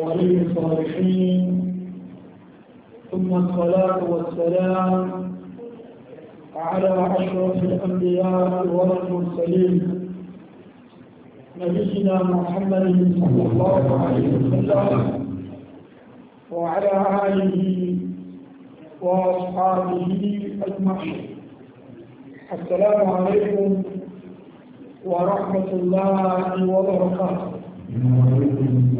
وولي الصالحين ثم الصلاة والسلام على أشرف الأنبياء والمرسلين نبينا محمد صلى الله عليه وسلم وعلى آله وأصحابه أجمعين السلام عليكم ورحمة الله وبركاته lẹ́yìn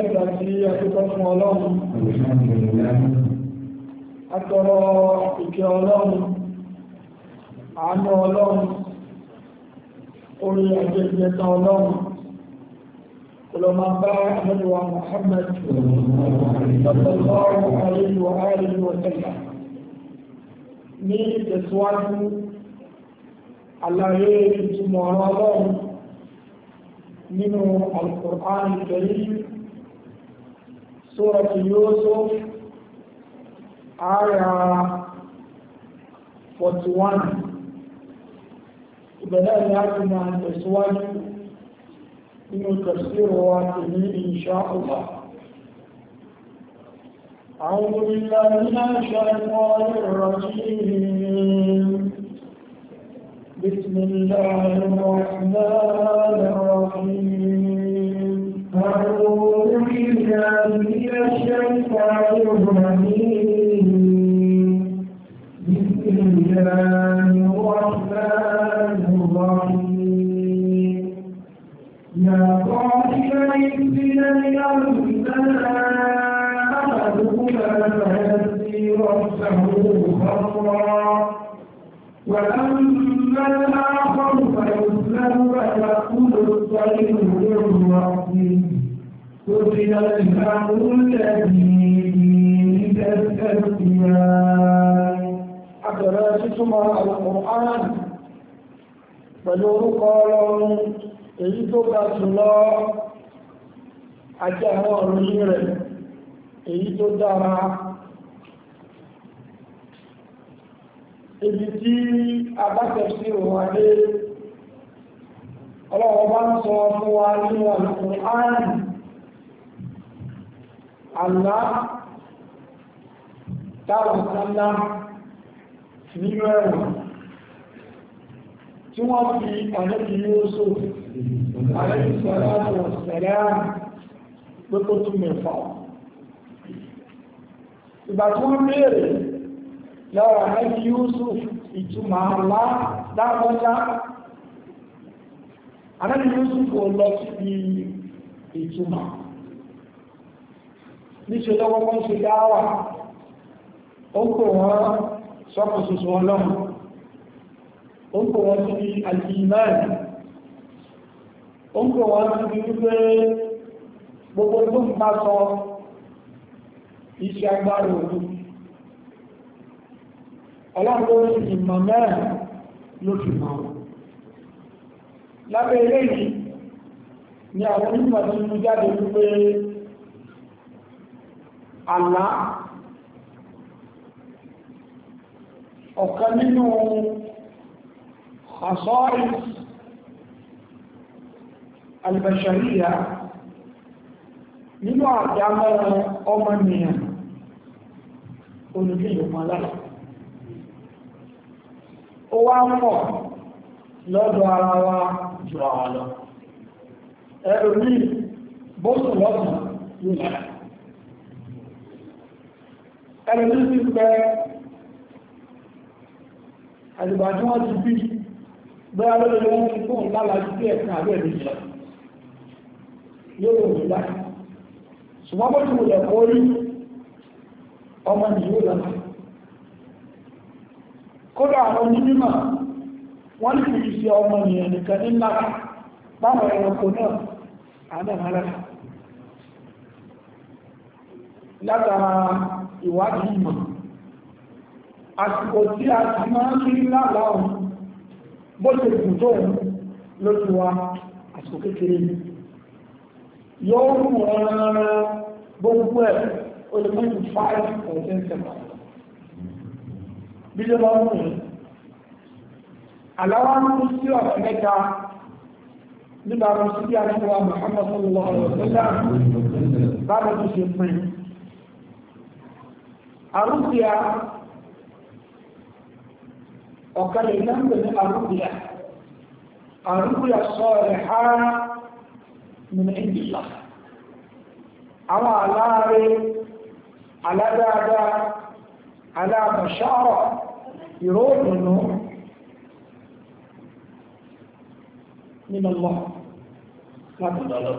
ìgbà tí a tó tọ́ fún ọlọ́run àtọrọ ìkẹ́ ọlọ́run àánú ọlọ́run orí àjẹjẹta ọlọ́run ولما باع ندوى محمد صلى الله عليه وآله وسلم ní ìtẹ̀síwájú àlàyé ìtumọ̀ ọ̀rọ̀ ọlọ́run nínú Al-Qur'an Al-Karim Suratu Yusuf àyà 41 ìbẹ̀rẹ̀ ni a ti máa tẹ̀síwájú nínú tafsiri wa tèmi insha Allah أعوذ بالله من الشيطان الرجيم بسم الله الرحمن الرحيم أعوذ بالله من الشيطان الرجيم بسم الله الرحمن الرحيم يا قاتل الإبل لأنبياء أحدكما فيهدي رأسه خطرا وأما أما الآخر فيسلم ويقول الطير من رأسه قتل الأمر الذي تستسقيان أدراكتما القرآن pẹ̀lú orúkọ ọlọ́run èyí tó ga jùlọ àti àwọn ọ̀rọ̀ yìí rẹ̀ èyí tó dára ibi tí agbátẹ̀sí òun adé ọlọ́wọ́ bá ń sọ fún wa ní àlùkù áàrùn àlá táwọn sánlá nínú ẹ̀wọ̀n tí wọ́n fi àlẹ́bí ní oṣù àlẹ́bí sọ́lá sẹ̀rẹ̀ àrùn pé kó tún mẹ́fà ìgbà lára mẹ́bí Yusuf ìtumọ̀ àlá dágbọ́nlá anábì Yusuf ò lọ síbi ìtumọ̀ níṣẹ́ lọ́wọ́ wọ́n ṣe dáwà ó kò wọ́n sọ́pọ̀ sọ́sọ́ ọlọ́run ó kò wọ́n síbi àjíìmáì ó kò wọ́n síbi wípé gbogbo tó ń bá sọ iṣẹ́ agbára òun ọlọ́run ló fi mọ̀ mẹ́rin ló fi mọ̀ lábẹ́ eléyìí ni àwọn onímọ̀ tí mú jáde wípé àlá ọ̀kan nínú àsọ́rí albashariya nínú àjámọ́ ọmọ nìyàn olùdíyàn mọ́ aláàrùn ó wá lọ́dọ̀ ara wa jù àwọn lọ ẹ̀rù yìí lára ẹ̀rù ní sí pẹ́ àdìbà tí wọ́n ti bí bẹ́ẹ̀ lọ́dọ̀ wọn ti fún lálàájú sí àbẹ́ mi yóò ṣùgbọ́n bó ti kórí ọmọ nìyí kódà àwọn onímọ̀ wọ́n lè fi ṣe ọmọ ènìyàn nìkan ní lára báwọn ẹranko náà àdàmára látara ìwádìí ìmọ̀ àsìkò tí a ti máa ń rí láàláhùn bó ṣe kù tó lójú wa àsìkò kékeré yóò mú ọ̀rọ̀ gbogbo ẹ̀ olùmọ́jú 5 or 10 bí ló bá mú un àláwá ń kú sí ọ̀sẹ̀ mẹ́ta nígbà tó sí bí aṣọ́wà Muhammad sallallahu alaihi wa sallam bá lọ tó ṣe pin arúgbìá ọ̀kadà ìlànà ní arúgbìá arúgbìá sọ̀rọ̀ ha nínú ìdílà àwọn aláàrẹ aládáadáa aláàbàṣárọ̀ ìró òdùnnú nínú lọ láti lọ́lọ́.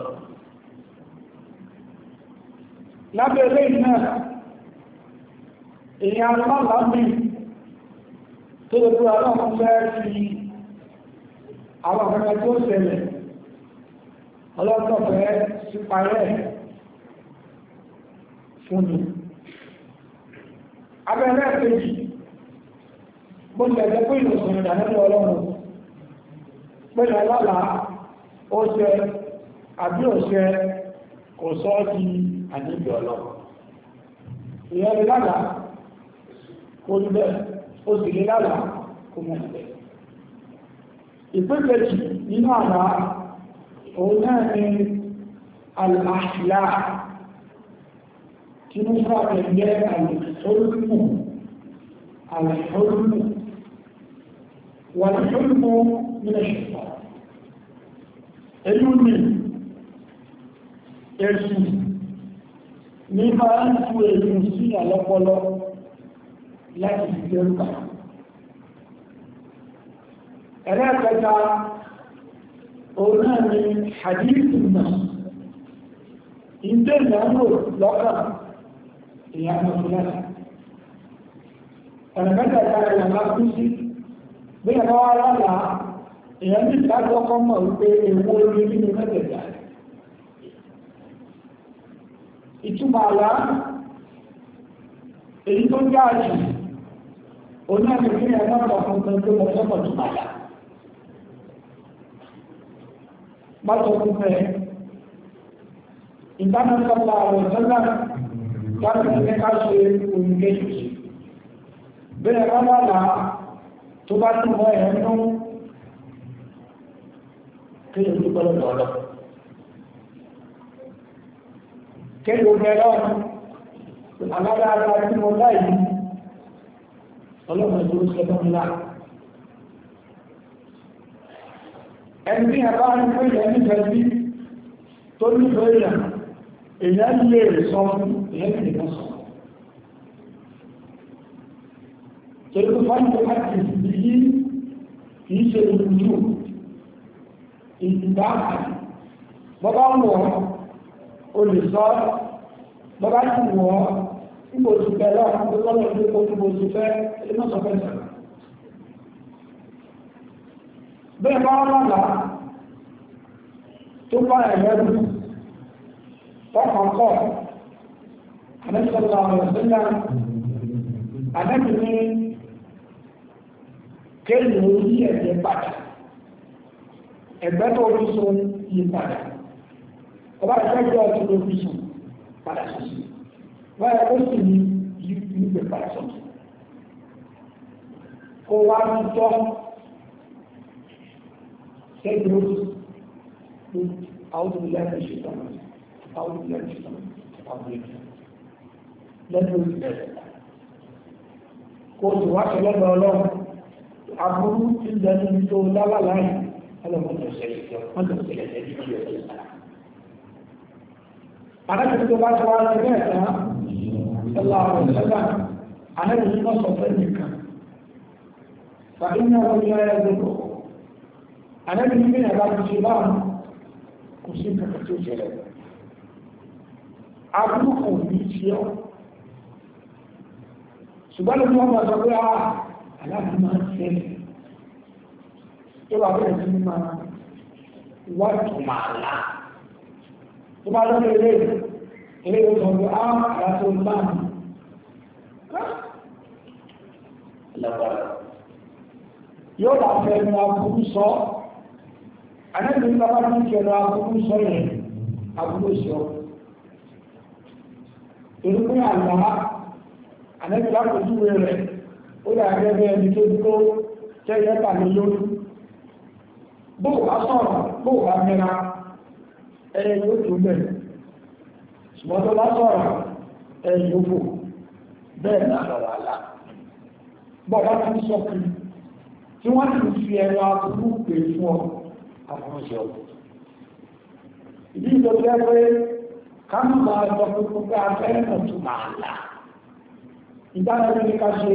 Lábẹ́ ilé náà, èyí aláàlábì tó lè fún aláàmú fẹ́ fi àwọn akẹ́kẹ́ tó ṣẹlẹ̀ ọlọ́tọ̀fẹ́ síparẹ́ fún ni. Abẹ́rẹ́ kejì bó ti ẹ̀jẹ̀ pé ìlòsùn ìrìnà nínú ọlọ́run pẹ̀lú ọlọ́la ó ṣe àbí òṣẹ kò sọ ọ́ di àníbi ọlọ́run ìyẹn ni lálàá kó ní bẹ́ẹ̀ ó sì ní lálàá kó mọ̀ bẹ́ẹ̀ ìpínlẹ̀jì nínú àlá wà ní ṣúlùmọ́ nílẹ̀ ṣùgbà ẹlú ní ẹ̀sù ní máa ń tú ẹ̀lú sí àlọ́pọ̀lọ́ láti ìgbẹ̀rúkà ẹ̀rẹ́kẹta òun náà ni hadithu náà ìdẹ́ ìdánwò lọ́kà ìyàmọ̀ fúnlẹ̀ ẹ̀rẹ́kẹta ìyàmọ̀ fúnlẹ̀ bí ẹ̀ bá wá lálà èèyàn ní ìdájọ́ kan mọ̀ wípé ewu orí nínú mẹ́tẹ̀ẹ̀dá ìtumọ̀ àlá èyí tó ń gáàjì oní àti kí ẹ̀ má sọ fún pé mo fẹ́ mọ̀ tó bàjá má fún pé ìdánilọ́pọ̀ àwọn ìtọ́lá láti ní ká ṣe òyìnbó bẹ́ẹ̀ rárá làá tó bá ti wọ́n ẹ̀ ń dún kéde tó gbọ́dọ̀ lọ lọ. kéde ogun ẹ̀rọ alága ara tí mo láì ọlọ́run tó ń sọ́dọ̀ ńlá. ẹni àbá ń pè é nífẹ̀ẹ́ sí tó nífẹ̀ẹ́ yà èèyàn lè sọ fún èèyàn sọ. torí pé fáńtò láti ìdíyí kìí ṣe ìlú ìdìbá bọ́bá wọ̀ o lè sọ bọ́bá sì wọ̀ níbo ti fẹ́ lọ́wọ́ níbo lọ́wọ́ ìlú kó níbo ti fẹ́ ẹni náà sọ fẹ́ sọ. bẹ́ẹ̀ bá wọn lọ́la tó bá ẹ̀ lẹ́rù tọkàn kọ́ àdéhùn sọ́dọ̀ àwọn ọ̀sẹ̀ náà àdéhùn ní kéèyàn ó yí ẹ̀jẹ̀ padà ẹ̀gbẹ́ tó fi so yí padà ọba ìfẹ́jọ́ ọtí ló fi so padà sọ̀sì báyà ó sì ní yí nígbè padà sọ̀sì kó wá ń tọ́ sẹ́yìn ó sì àwọn tó lẹ́nu ìṣẹ̀tọ́ àwọn tó lẹ́nu ìṣẹ̀tọ́ àwọn tó lẹ́nu ìṣẹ̀tọ́ lẹ́nu ìṣẹ̀tọ́ kó o sì wá sọ lọ́dọ̀ ọlọ́run aburú tí ń dẹnu ní tó lálàlá yìí ọlọ́mọdé ṣẹlẹ̀ jọ wọ́n lọ sílẹ̀ lẹ́bí tí ó ti sára. Anábìrin tó bá sọ wá sí bẹ́ẹ̀ tán, ṣẹlá ọ̀rọ̀ ṣẹlá, anábìrin náà sọ fẹ́ nìkan. Fàdí ní ọ̀rọ̀ ní ọ̀rẹ́ ẹgbẹ́ Anábìrin bí ẹ̀rọ ti ṣe báwọn aláàbò máa ń ṣẹlẹ̀ tó bá bẹ̀rẹ̀ sí máa wá ìtumọ̀ àlá tó bá lọ́dọ̀ ilé ilé ìwé sọ pé á àlá tó ń bá mi lágbára yóò bá fẹ́ nu aburú sọ anábìrin bá bá ti fẹ́ nu aburú sọ yẹn aburú sọ torí pé àlá anábìrin bá kojú rẹ̀ ó yà gẹ́gẹ́ ẹni tó dúró jẹ́yẹ́ tàbí lórí bó wà sọ̀rọ̀ bó wà mẹ́ra ẹyẹ yóò tó bẹ̀rẹ̀ ṣùgbọ́n tó bá sọ̀rọ̀ ẹyẹ yóò bò bẹ́ẹ̀ náà lọ́wọ́ àlá bọ́ bá ti sọ kí tí wọ́n ti fi ẹnu aburú pè fún ọ àwọn ọ̀ṣẹ́ ọ̀pọ̀ ìdí ìtọ́jú ẹgbẹ́ ká má máa lọ fún gbogbo afẹ́rẹ́ náà tó máa là ìdára ẹni ká ṣe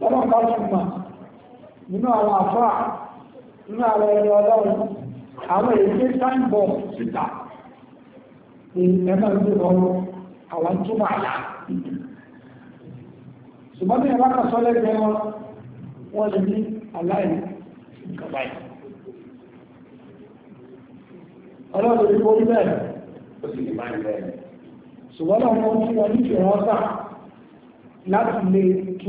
lọ́nà bá túnmọ̀ nínú àwọn àfáà nínú àwọn ẹni ọlọ́run àwọn èdè síta ní ẹ̀mọ́ ìlú ọrọ̀ àwọn túnmọ̀ àlá ṣùgbọ́n ní ẹ̀rọ kan sọ́lẹ̀ jẹ́ wọn wọ́n lè ní aláìní nǹkan báyìí ọlọ́run ní orí bẹ́ẹ̀ ó sì lè máa bẹ́ẹ̀ ṣùgbọ́n náà wọ́n tún wọn ní láti lè tú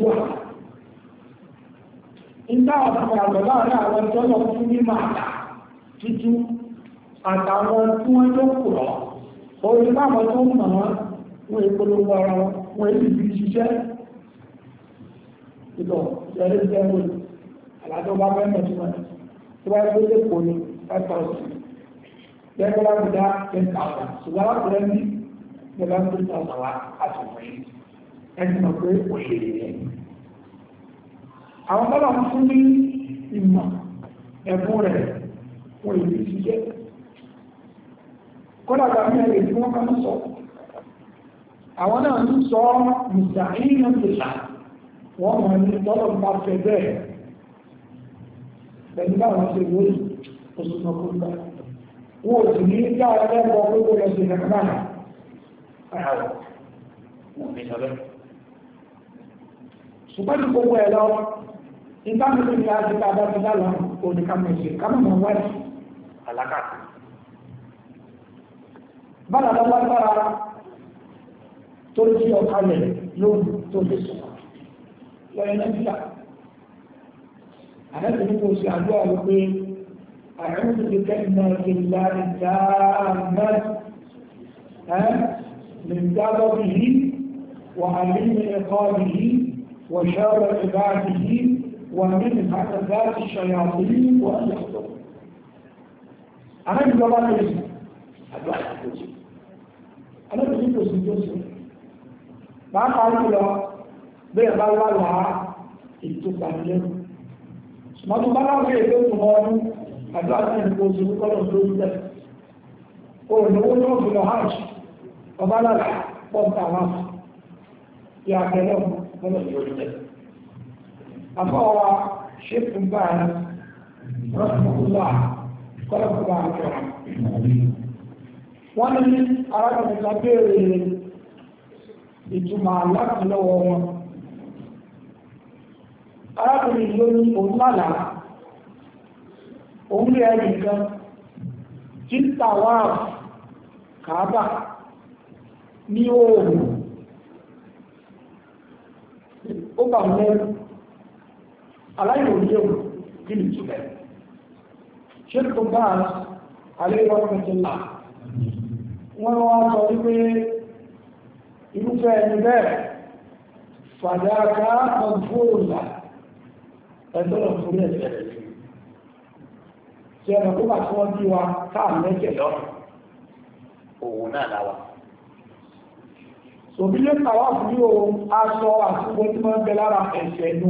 nígbà àpapọ̀ láàárín àwọn tọ́lọ̀ fún mímọ̀ àtà títú àtàwọn tí wọ́n tó kù lọ orí láwọn tó mọ̀ wọ́n ìpolówó ara wọ́n èyí bí ṣiṣẹ́ ìlọ ìṣẹ́lẹ̀ ìṣẹ́ wọ́n àlàjọ bá fẹ́ mọ̀ tí wọ́n àwọn bọ́lá ń fún ní ìmọ̀ ẹ̀bùn rẹ̀ wọ́n èyí ti jẹ́ ẹ̀rẹ̀ tí wọ́n sọ àwọn náà ń sọ wọ́n mọ̀ ní tọ́lọ̀ bá fẹ́ bẹ́ẹ̀ pẹ̀lú ṣe oṣù wọ́n ò sì ní lẹ́kọ̀ọ́ pé kó lọ sí ṣùgbọ́n ní gbogbo ẹ̀ nígbà tó ti ká ti ká bá ti dá lọ oníkàmẹsì kámọ̀ wáyé àlákàtà bára lọ́wọ́ sára tó ti ọ̀kalẹ̀ lóòrùn tó ti sọ̀rọ̀ lọ́yẹ̀ nàìjíríà àlẹ́sẹ̀ ní kò sí àdúrà wípé àrùn ti kẹ́kẹ́ ìlà ìdá من غضبه وعلم عقابه وشر عباده ومن همزات الشياطين وأن يحضر أنا من جبال يوسف أدعى يوسف أنا من يوسف يوسف ما قالوا له بيع الله لها ìtòkàn lẹ́nu ṣùgbọ́n tó bá láwọ́ èdè tó mọ́ ọdún àjọ àti ẹ̀kọ́ oṣù kọ́lọ̀ tó ń bẹ̀ olùdówó tó fi lọ hajj ọba lára pọ́ǹtà wá sí àtẹ́lẹ́ àfọwà ṣéfún bá a rọ́sùmọ́lá kọ́lọ́kù bá a jọ. wọ́n ní arákùnrin kan béèrè ìtumọ̀ láti lọ́wọ́ wọn. arákùnrin ló ní òun lálàá òun aláìwòyẹ̀wò kí ni ìtúbẹ̀ ṣe tó bá àlẹ́wọ̀ pẹ̀tẹ̀lá wọ́n wá sọ wípé irúfẹ́ ẹni bẹ́ẹ̀ fàdákà ọgbọ́ọ̀lá ẹgbọ́n fún ẹ̀sẹ̀ tí ẹnà tó bá tí wọ́n bí wa káà mẹ́jẹ̀ lọ́rùn òun náà láwà sòbílẹ̀ tàwa fún yóò aṣọ àti gbọ́dúnmọ́ bẹ lára ẹ̀sẹ̀ ẹnu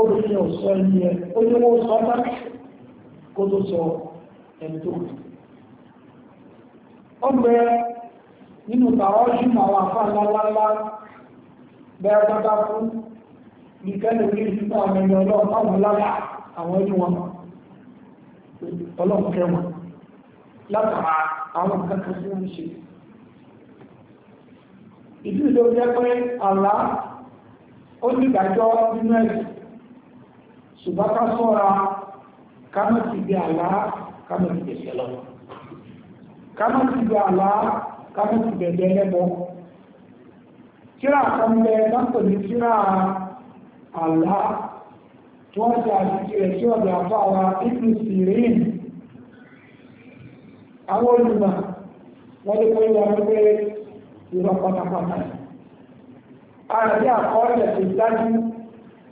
obìnrin ò sọ ẹni ẹ ó ní wọ́n sọ ọ́nà kó tó sọ ẹni tó kù. ó bẹ nínú tàwọn ọdún àwọn àfáà ńláńlá bẹ́ẹ̀ pátá fún nìkẹ́lẹ̀ ní ìdíkọ́ àwọn ẹni ọlọ́run táwọn lára àwọn ẹni wọn ọlọ́run kẹ́ wọn látara àwọn kankan tí wọ́n ń ṣe. ìdí ìlú jẹ́ pé àlá ó ní ìdájọ́ nínú ẹ̀sìn ṣùgbọ́n ká sọ́ra ká má ti gbé àlá ká má ti gbèsè lọ ká má ti gbé àlá ká má ti gbẹ̀gbẹ́ lẹ́bọ̀ kíra kan bẹ lọ́pọ̀ ní kíra àlá tí wọ́n ṣe àṣìṣe rẹ̀ tí ọ̀dọ̀ àfọ́ àwa ìlú sirin àwọn olùmọ̀ wọ́n lè kọ́ ìwà pé ìrọ̀ pátápátá àti àkọọ́lẹ̀ tó dájú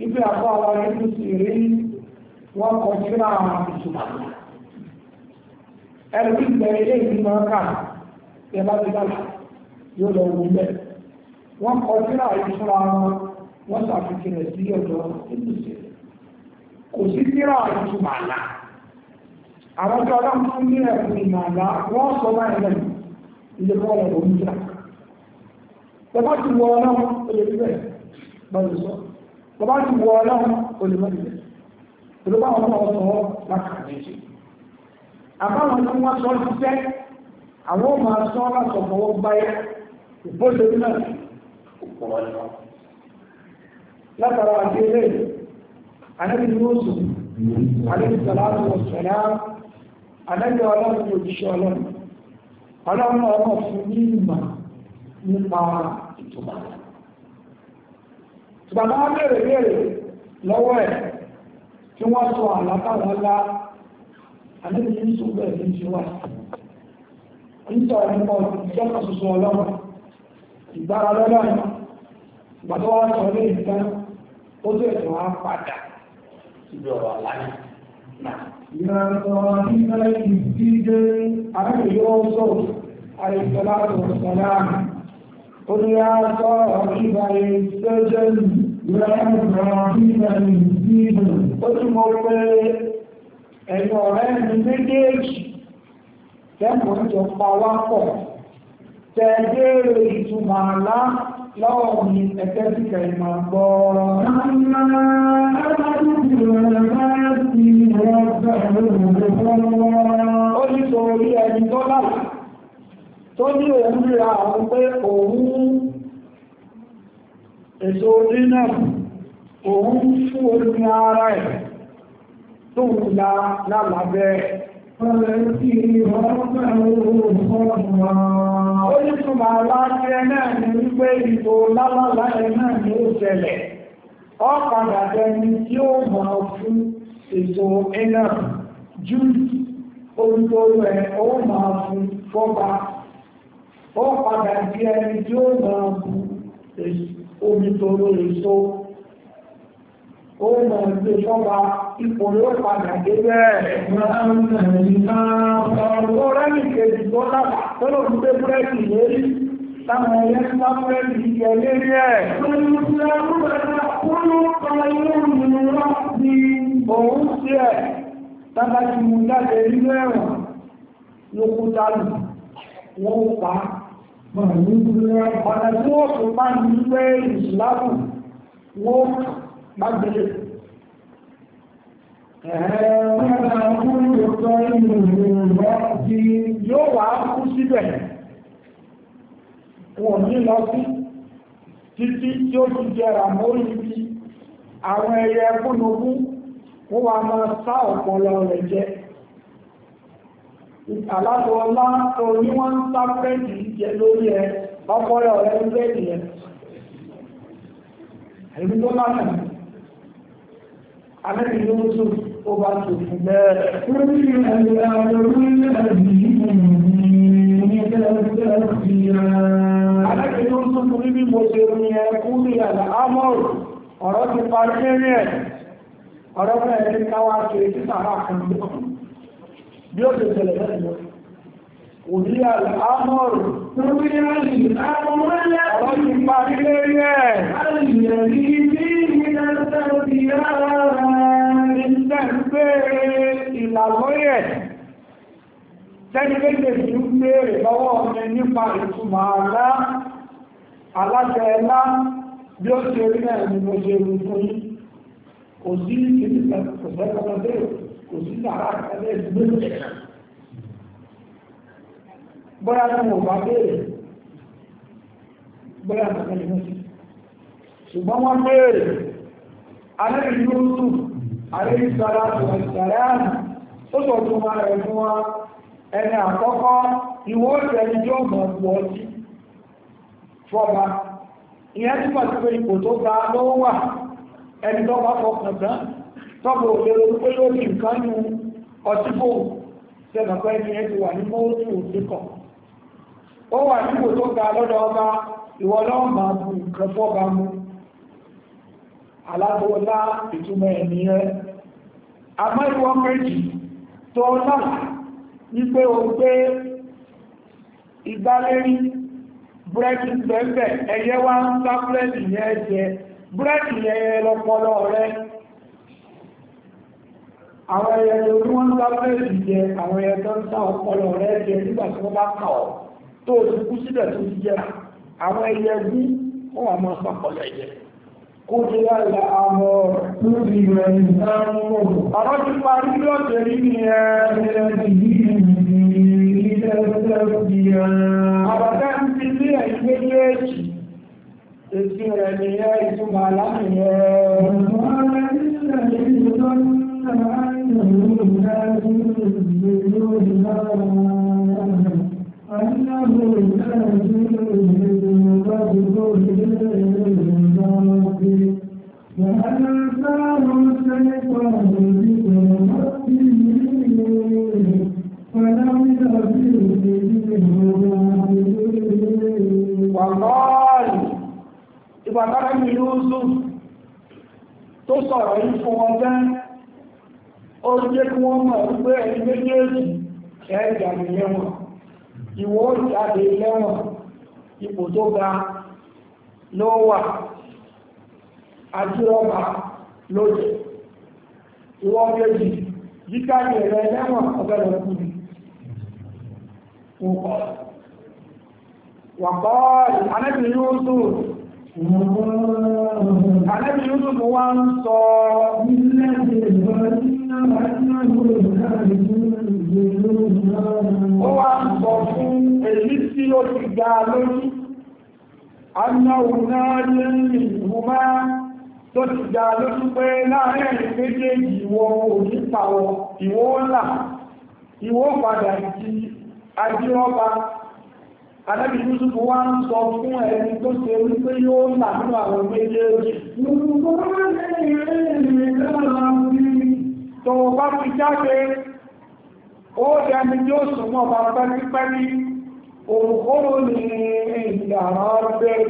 níbi àpá wa nínú sí rí wọ́n kọ síra ìṣùpá ẹni tí ìbẹ̀rẹ̀ ilé ìlú máa ẹ bá ti dàgbà yóò lọ wù bẹ́ẹ̀ wọ́n kọ síra ìṣúra wọn wọ́n ṣàfihàn sí ọ̀dọ̀ nínú sí kò sí síra ìṣùpá àlà àwọn tí ọlọ́run fún ní ẹ̀kún ìmọ̀ àlà wọ́n sọ báyìí lẹ́nu ilé kọ́ ọ̀rọ̀ òun jà. Tẹ́fọ́ ti wọ ọlọ́run ó lè fi bẹ́ẹ̀ bá lè sọ bàbá ti wọ ọlọ́run olùmọ̀lẹ̀ tó bá wọn náà sọ láti àdéjì àbáwọn tí wọ́n sọ ṣiṣẹ́ àwọn máa sọ láti ọ̀fọwọ́ báyà ìbóde náà kò wọ́n lọ látara àti eré anábì lóòsù anábì sàlátù ọ̀sẹ̀lá anábì ọlọ́run òjíṣẹ́ ọlọ́run ọlọ́run ọmọ fún ní ìmọ̀ nípa ìtumọ̀ bàbá bẹ̀rẹ̀ bẹ̀rẹ̀ lọ́wọ́ ẹ̀ tí wọ́n sọ àlákàwọn lá àdébí ní sọ bẹ́ẹ̀ ní ti wà nítorí nípa ìjọba soso ọlọ́run ìgbára lọ́lọ́run bàbá wa sọ ní ìtàn ó tó ẹ̀sùn wa padà síbi ọ̀rọ̀ àlàyé náà. Ìrànlọ́ nígbà ìdíje àrẹ́yọ́ sọ̀rọ̀ àìsọ̀lá sọ̀rọ̀ sọ̀rọ̀ àmì. Ó ní a sọ ọ̀rọ̀ ìgbà ìṣẹ́jẹ́ Ẹ̀yìn ọ̀rẹ́ mi méjèèjì tẹ́kọ̀ọ́ jọ pa wá pọ̀, tẹ́gbèrè ìtumọ̀ àlá lọ́wọ́ mi ẹ̀kẹ́ sí kẹ̀yìnmà gbọ́. Ó ní torí ẹni tó bá tó ní òun rí àwọn pé òun èso dínà òun fún orí ara ẹ̀ tó ń la lálàbẹ́ ó ní túnmọ̀ aláàrẹ náà ní wípé ìbò lálàlá ẹ̀ náà ní ó ṣẹlẹ̀ ọ̀padà tẹni tí ó mọ̀ fún èso iná jù orúkọrú ẹ̀ ó máa fún fọ́pa ó ẹni tí ó máa bu èso omi tó lórí só ó mọ̀ ní sọ́ba ipò ló padà dé bẹ́ẹ̀. ọ̀rẹ́ mi kejì tó lábà tó ló ń gbé búrẹ́dì lérí táwọn ẹyẹ ń bá búrẹ́dì jẹ lérí ẹ̀. òun sí ẹ̀ tábàtì mú jáde nínú ẹ̀wọ̀n ló kú dálù wọ́n pa á ọ̀nà tí wọ́n fi máa wọ́n gbàgbélé yóò ní lọ sí wọ́n wá máa sá aláṣọ ọlá tó ní wọ́n ń sá bẹ́ẹ̀dì jẹ lórí ẹ ọkọ rẹ ọ̀rẹ́ ń bẹ́ẹ̀dì ẹ èmi tó bá nà alẹ́ ìlú tó ó bá tó fún bẹ́ẹ̀. ó ní ẹ̀rọ orílẹ̀ èdè yìí ní ẹgbẹ́ fi ra. alẹ́ ìlú tó fún níbi mo ṣe rí ẹ kú ní àlà ámọ́rù ọ̀rọ̀ ti parí lẹ́rìn ẹ̀ ọ̀rọ̀ bẹ́ẹ̀ ní káwá ṣe títà rà kan lọ́kùnrin bí ó tẹ̀sẹ̀ lẹ́yìn lọ. Òní àmọ́rù tó bí rárì àwọn ọ̀rọ̀ ti parí lérí ẹ̀. Àìyẹ̀rí bí ìrìnàṣẹ́ ti rárá ìṣẹ́ pé ìlàlọ́yẹ̀. Tẹ́ni méjì ti ń béèrè lọ́wọ́ ọmọ nípa ìtumọ̀ àlá, aláṣẹ ẹlá bí ó ṣe rí náà ni mo ṣe rú fún yí. Kò sí ìdíkà kò sẹ́kọ̀ọ́ bẹ́ẹ̀ kò sí sàrà àkàlẹ̀ ìlú ìjẹ̀kà bóyá tí mo bá béèrè bóyá àkàlẹ̀ ìlú ìjẹ̀kà ṣùgbọ́n wọ́n béèrè alẹ́ ìlú ìlú alẹ́ ìsọ̀rọ̀ àtúwọ̀ ìsọ̀rọ̀ àmì tó sọ tó máa rẹ̀ fún wa ẹni àkọ́kọ́ ìwọ ìrẹ̀lẹ̀ jọ mọ̀ pọ̀ sí fọba ìyẹn túmọ̀ sí pé ipò tó ga lọ́wọ́ wà tọ́pọ̀ òṣèré pé lórí nǹkan nu ọtí bò ẹni ẹ ti wà ní mọ́ọ̀tù òṣèkọ̀ ó wà nípò tó ga lọ́dọ̀ ọba ìwọ náà bu nǹkan fọ́ba mu alábọ̀ọ́lá ìtumọ̀ ẹ̀mí rẹ àmọ́ ìwọ méjì tó o gbé ìgbálérí wá ń yẹn yẹn lọ́pọlọ àwọn ẹyẹ tó ní wọ́n ń bá bẹ́ẹ̀sì jẹ àwọn ẹyẹ tó ń sá ọpọlọ rẹ jẹ nígbà tí wọ́n bá kà ọ́ tó o ti kú síbẹ̀ tó ti jẹ àwọn ẹyẹ bí wọ́n wà máa sọpọlọ ẹ̀jẹ̀ kó ti láìla àmọ́ lórí rẹ̀ ìdáhùn ọ̀rọ̀ ti parí lọ́sẹ̀ rí ni ẹ àbàtà ń fi sí ẹ̀yìn méjèèjì èsì rẹ̀ nìyẹn ìtumọ̀ alámì yẹn Ìgbàgbára mi ló ń lò tó sọ̀rọ̀ yìí fún ọjọ́ ó jẹ́ kí wọ́n mọ̀ wípé ẹni méjèèjì ẹ̀ẹ́dà ní lẹ́wọ̀n ìwọ ìjáde lẹ́wọ̀n ipò tó ga ló wà àjírọ́bà lójẹ̀ ìwọ méjì yíkáàdì rẹ lẹ́wọ̀n ọgbẹ̀rẹ̀ kùnì wọ́pọ̀ wàkọ́ ìhánẹ́bì yóò tó Àlẹ́bí Yúsùfù wá ń sọ nílẹ̀ ìgbẹ̀rẹ̀ Ó wá ń sọ fún èyí tí ó ti ga lórí, anáwò náà ní ìwúmá tó ti ga lórí pé láàrin méjèèjì ìwọ ònípàwọ̀ ìwọ ńlá, ìwọ padà ti ajíọ́ba. Àdábì Yúsùfù wá ń sọ fún ẹni tó ṣe wípé yóò là nínú àwọn méjèèjì. Mùsùlùmí tó bá fi jáde ó dẹni tí ó súnmọ́ bàbá pípẹ́ ní òkúrò ní ìyàrá rẹ̀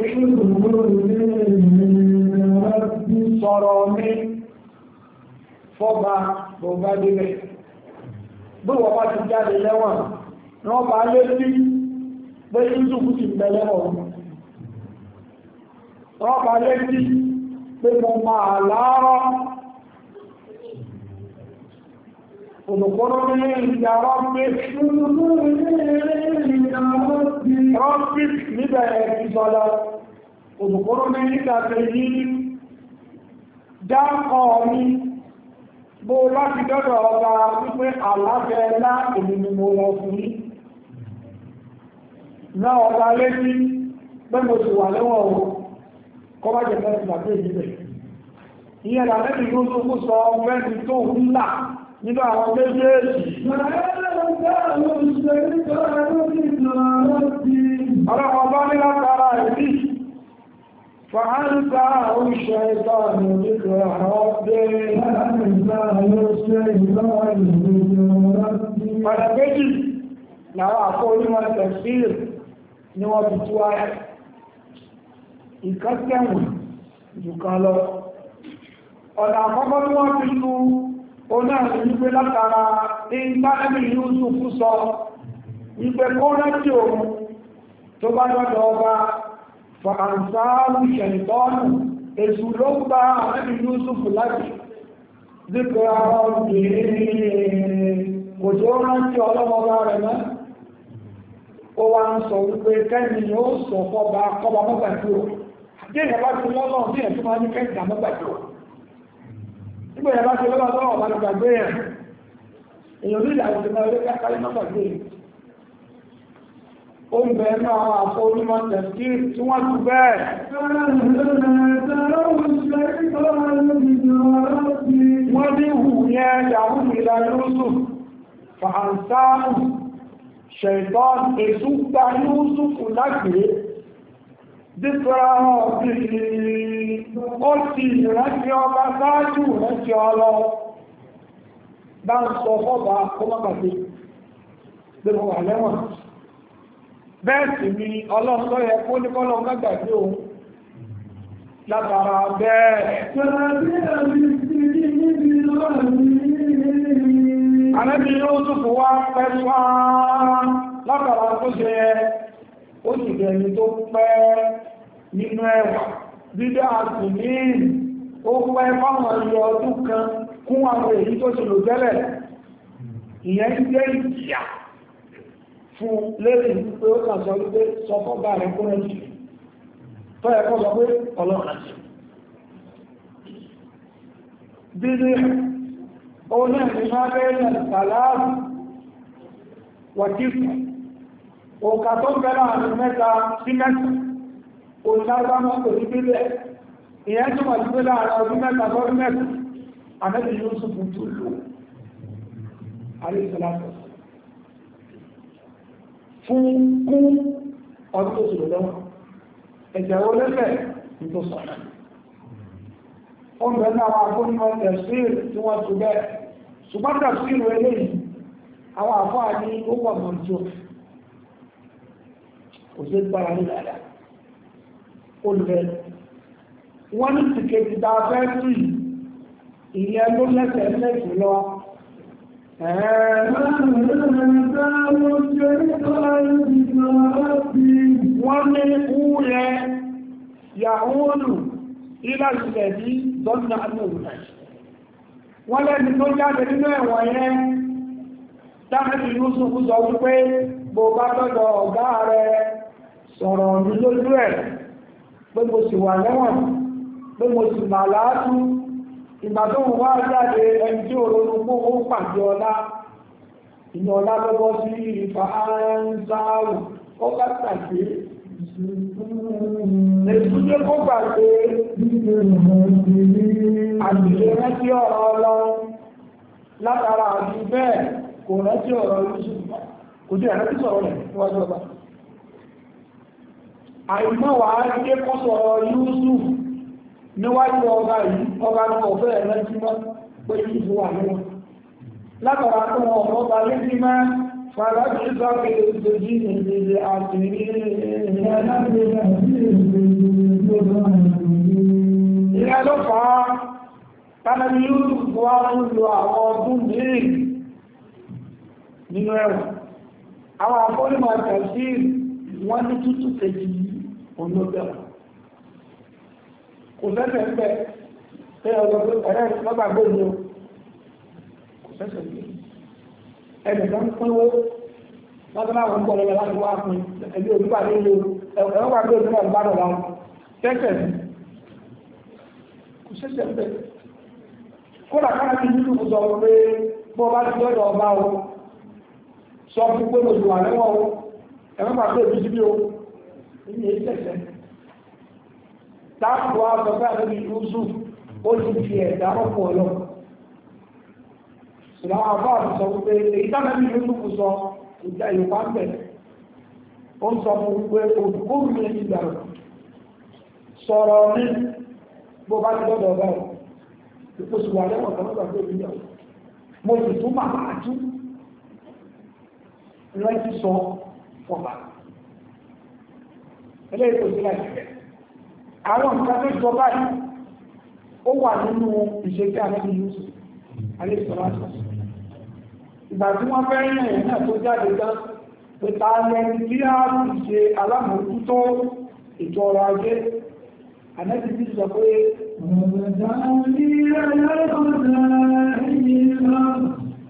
sọ̀rọ̀ mi fọ́ba bọ̀bá délẹ̀ bí wọ́n bá ti jáde lẹ́wọ̀n wọ́n bá lé sí pé ìzùkú ti bẹ̀ ادخلوا إلى ربك ربك لبيت صلاة ادخلوا إلى سيدي dákọ̀ mi bó láti dọ́dọ̀ ọba wípé àlábẹ́ ẹlá èmi ni mo lọ fún yí náà ọba létí pé mo sì wà lẹ́wọ̀n o kọ́ bá jẹ́ mẹ́rin àti èyí bẹ̀ ìyẹn làbẹ́bí ló tó kó sọ mẹ́rin tó ń là nínú àwọn méjèèjì ọlọ́pàá bá ní látara ìbí fàáńtà oúnjẹ ìbáàmù nígbà ọdẹ́ ọ̀nà méjì láwọn àkọ́ onímọ̀ tẹ̀síl ni wọ́n ti tú ayé ìkọ́sẹ̀wọ̀n jù kan lọ ọ̀nà àkọ́kọ́ tí wọ́n fi lú náà wípé látara ìgbàlẹ́mì Yúsùfù sọ wípé kó rántí òun tó bá lọ́dọ̀ ọba fàkànsáàrù ṣẹ̀ntọ́nù èṣù ló gba àmẹ́bì Yúsùfù láti dípò ara obìnrin kò tó ó wá ń sọ sọ nígbà yẹn bá ṣe lọ́wọ́ tọ́wọ́ bá gbàgbé yẹn èèyàn ní ìlànà ìjọba ilé kákàrí má gbàgbé ó ń bẹ ẹnu àwọn onímọ̀ tẹ̀sí tí wọ́n ti bẹ́ẹ̀. wọ́n ní hù yẹn yahoo ìlànà yusuf fàǹsáàmù ṣẹ̀tọ́ èsù gba yusuf lágbèé Dípẹ́ ọmọ òbí ó ti ìrántí ọba sáájú ìrántí ọlọ bá ń sọ fọ́bà kó má pàdé bí mo wà lẹ́wọ̀n. Bẹ́ẹ̀ sì ni ọlọ́run tó yẹ kó ní kọ́lọ́ gbàgbàgbé òun látara bẹ́ẹ̀. Àlẹ́bí yóò tún fún wá pẹ́lú wá látara tó ṣe ó sì bẹ̀rẹ̀ tó pẹ́ nínú ẹwà dídá àtùmíìn ó pẹ́ fáwọn ẹyọ ọdún kan kún àwọn èyí tó ṣe lò tẹ́lẹ̀ ìyẹn jẹ́ ìjìyà fún lẹ́yìn pé ó kàn sọ wípé sọ fọ́gbà rẹ̀ kó rẹ̀ jù tó ẹ̀kọ́ sọ pé ọlọ́run àti dídí òun náà ni máa bẹ́ẹ̀rẹ̀ ìsàláàrù òkà tó bẹ́ẹ̀rẹ̀ àti mẹ́ta sí mẹ́ta kò sábà mọ́ kò sí bílẹ̀ ìyẹn tó mọ̀ sí pé láàrin ọdún mẹ́ta lọ́dún mẹ́ta àmẹ́bí yóò sùn fún tó lò alẹ́ ìsọ̀láṣọ̀ fún kún ọdún tó sùn lọ́wọ́ ẹ̀jẹ̀ wo lẹ́fẹ̀ ní tó sọ náà ó ń bẹ̀rẹ̀ àwọn akónímọ̀ tẹ̀síìr tí wọ́n tún bẹ́ẹ̀ ṣùgbọ́n tẹ̀síìr eléyìí àwọn àfọ́ àní ó pọ̀ mọ̀ tó kò ní dáadáa ó lẹ wọ́n ní tìkejì tá a fẹ́ tù yìí ìyẹn ló lẹ́sẹ̀ lẹ́sẹ̀ lọ. Wọ́n ní wúrẹ́ Yàhúnù ilá ìṣẹ̀ ní Dọ́nà Amúrùnà. Wọ́n lẹ́ni tó jáde nínú ẹ̀wọ̀n yẹn, Dáhẹ́bì Yúsùfù sọ wípé, bó bá tọ́jọ ọ̀gá rẹ̀ sọ̀rọ̀ ní lójú ẹ̀ pé mo sì wà lẹ́wọ̀n pé mo sì mà láásù ìgbà wá jáde ẹni tí òróró gbówó pàdé ọlá ìyẹn ọlá lọ́wọ́ sí ìfà áńsáàrù ó bá tàbí Èsúdé kó gbà pé rántí ọ̀rọ̀ ọlọ́run látara àdìbẹ́ kò rántí ọ̀rọ̀ Yusuf kò jẹ́ rántí sọ̀rọ̀ rẹ̀ níwájú ọba àìmọ́wà ríké kó sọ̀rọ̀ Yusuf níwájú ọba yìí ọba ní ọ̀fẹ́ ẹ̀lẹ́tímọ́ pé Yusuf wà nínú látara tó wọn ọba létí mẹ́ fara tí sọ́kè ìdòjì ìdíje àti ìrìn ló fà á tánà ní Yusuf wá ń lo àwọn ọdún mìíràn nínú ẹ̀wọ̀n àwọn afọ́nímọ̀ tẹ̀sí wọ́n ní olóògbà kò sẹ́sẹ̀ ń bẹ pé ọlọ́gbọ́n ẹ̀rẹ́ lọ́gbà gbòòrò kò sẹ́sẹ̀ ń bẹ ẹnìkan pínwó lọ́dọ́ láwọn ẹbí olúwa nínú ẹ̀wọ́n wà gbòòrò náà bá dọ̀la sẹ́sẹ̀ kò sẹ́sẹ̀ ń bẹ kódà kára ti nínú kò sọ̀rọ̀ pé bó bá ti lọ́dọ̀ ọba o sọ fún pé mo wà lẹ́wọ̀n o ní èyí tẹ̀sẹ̀ táàpù àgbàgbà lórí yusuf ó ti fi ẹ̀dá ọ̀pọ̀ lọ ṣùgbọ́n àbá àti sọ wípé èyí táwọn ẹbí yusuf sọ ìjà yorùbá ń bẹ̀ ó ń sọ fún pé olùkó mi ní ìgbà rẹ̀ sọ̀rọ̀ ní bó bá ti dọ́dọ̀ ọ̀gá rẹ̀ ipò sì wà lẹ́wọ̀n kan lọ́gbà tó ìgbìyàwó mo sì tún màmá àtú láti sọ fọ̀bàtà eléyìí kò sí láti bẹ̀. àwọn nǹkan tó jọ báyìí ó wà nínú ìṣesí àti yusuf alẹ́sọ̀rọ̀ àti ìgbà tí wọ́n fẹ́ rìn ẹ̀yìn náà tó jáde tán pé ta lẹni tí a ti ṣe alámòójútó ètò ọrọ̀ ajé ànẹ́bí ti sọ pé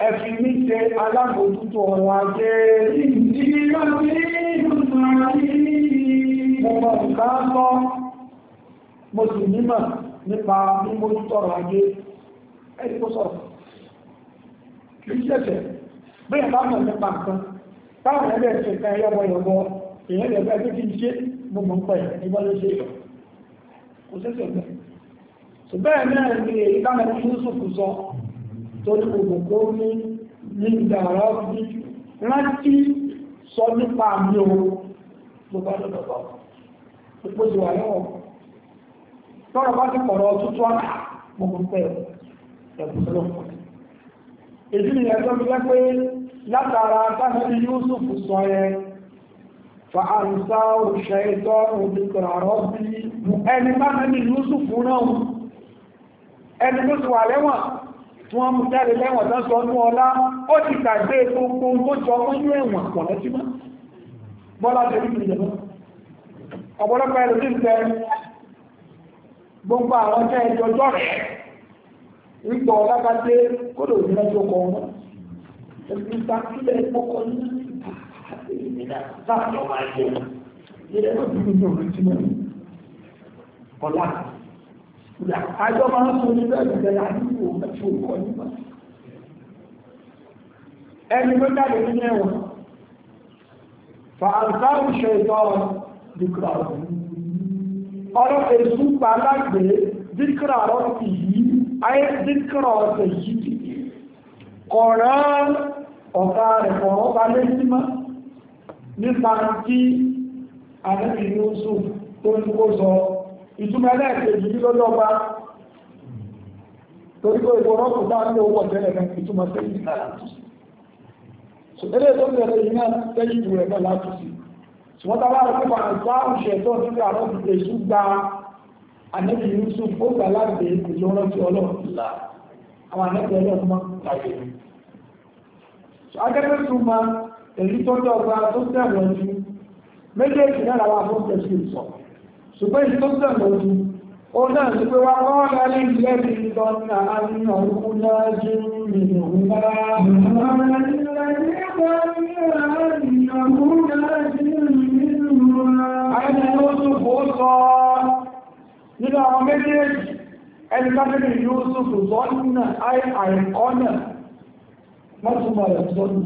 ẹ̀fì mi ṣe alámòójútó ọrọ̀ ajé ìdílé ọdún ìdúnmọ̀ mo mọ nǹkan lọ mo sì nímọ̀ nípa mímójútọ́rọ̀ ayé ẹni tó sọ̀rọ̀ kì í ṣẹ̀ṣẹ̀ bí ẹ̀ bá mọ̀ nípa nǹkan táwọn ẹgbẹ́ ṣe kan ẹyọ́bọyọ̀bọ èèyàn lè fẹ́ tó kí n ṣe mo mọ̀ ń pẹ̀ nígbà ló ṣe yọ kò ṣẹ̀ṣẹ̀ mẹ́ ṣùgbọ́n náà ni èyí táwọn ẹni tó sùkú sọ torí gbogbo kó ní ní ìdàrọ́ bí rántí sọ nípa mi o gbogbo ọdún gbogbo ti wà lọ́wọ́ lọ́rọ̀ bá ti kọ̀rọ̀ tuntun àná gbogbo pẹ̀ ẹ̀bùn lọ. èyí ni ẹjọ́ mi jẹ́ pé látara táwọn Yusuf sọ yẹn fa àrùsá òṣè ẹjọ́ òdìkọ̀rọ̀ àrọ́ bí ẹni táwọn Yusuf náà ẹni tó ti wà lẹ́wọ̀n tí wọ́n mú jáde lẹ́wọ̀n tán sọ ní ọlá ó ti gbàgbé gbogbo tó jọ mọ́jú ẹ̀wọ̀n pọ̀ lẹ́tí bọ́lá tẹ̀lé ìgbìyànjú ọ̀pọ̀lọpọ̀ ẹ̀rọ ń bẹ gbogbo àwọn tẹ́ ẹjọ́ jọ́ rẹ̀ ipò ọ̀lágbádé kódò ní ẹjọ́ kọ̀ wọn ẹ̀sìn ìta sílẹ̀ ìpọ́kọ̀ ní ìgbà láti ọmọ ẹ̀jẹ̀ ìrẹ́ ló dúró ní orí tí wọ́n kọ́lá àjọ máa ń sọ ní bẹ́ẹ̀ bẹ́ẹ̀ láàrín òun òkọ̀ nípa ẹni ló jáde nínú ẹ̀wọ̀n fàáńtà òṣèlú ọ̀rọ̀ díkìrà rọ̀. ọ̀rọ̀ èṣù pa lágbè díkìrà rọ̀ sí yìí ayé díkìrà ọ̀sẹ̀ yìí kọ̀rọ̀ ọ̀gá rẹ̀ kọ̀rọ̀ ọba lẹ́sí mọ́ nípa tí àrẹ́bì ní oṣù tó ń kó sọ ìtumẹ̀ lẹ́ẹ̀kejì ní lọ́dọ̀ ọba torí pé ìgbọ́rọ̀ kò bá ní owó ọ̀tẹ́lẹ̀ náà ìtumọ̀ sẹ́yìn náà látúnṣe. sọ̀tẹ́lẹ̀ tó ń bẹ̀rẹ̀ yìí náà sẹ́yìn ìwẹ̀ náà látúnṣe ṣùgbọ́n tábà rẹ̀ pípa àgbà òṣèlú tó ti àrọ́ ti lè ṣú gba ànẹ́bí Yusuf ó gbà láti ìjọ rántí ọlọ́run là àwọn ànẹ́bí ọlọ́run mọ́ láyé mi. akẹ́kẹ́ tún ma èyí tó tọ́ gba tó tẹ̀wọ̀n ju méjèèjì náà làwọn afọ́nfẹ́ sí sọ ṣùgbọ́n èyí tó tẹ̀wọ̀n ju ó náà ti pé wá kọ́ lálẹ́ ilé mi lọ ní àárín ọ̀rùn náà jẹ́ ìrìnàwó náà. Àwọn ọmọ nínú àwọn méjèèjì ẹni kábílì Yusuf zọ́nà àìkọ́nà mọ́túnmọ̀ rẹ̀ zọ́nà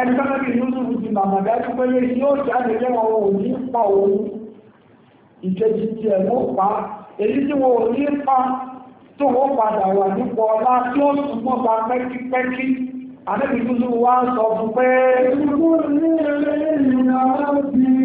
ẹni kábílì Yusuf ti màmà dájú pé yóò jáde lẹ́wọ̀n wọn ò ní pa òun ìkejì ti ẹ̀ ló pa èyí tí wọn ò ní pa tó wọ́n padà wà nípò ọlá tí ó túnmọ̀ bá pẹ́kípẹ́kí àdébìtúnú wá sọ fún pé ìgbóhùn ní ẹ̀rẹ́ ìrìnà á bí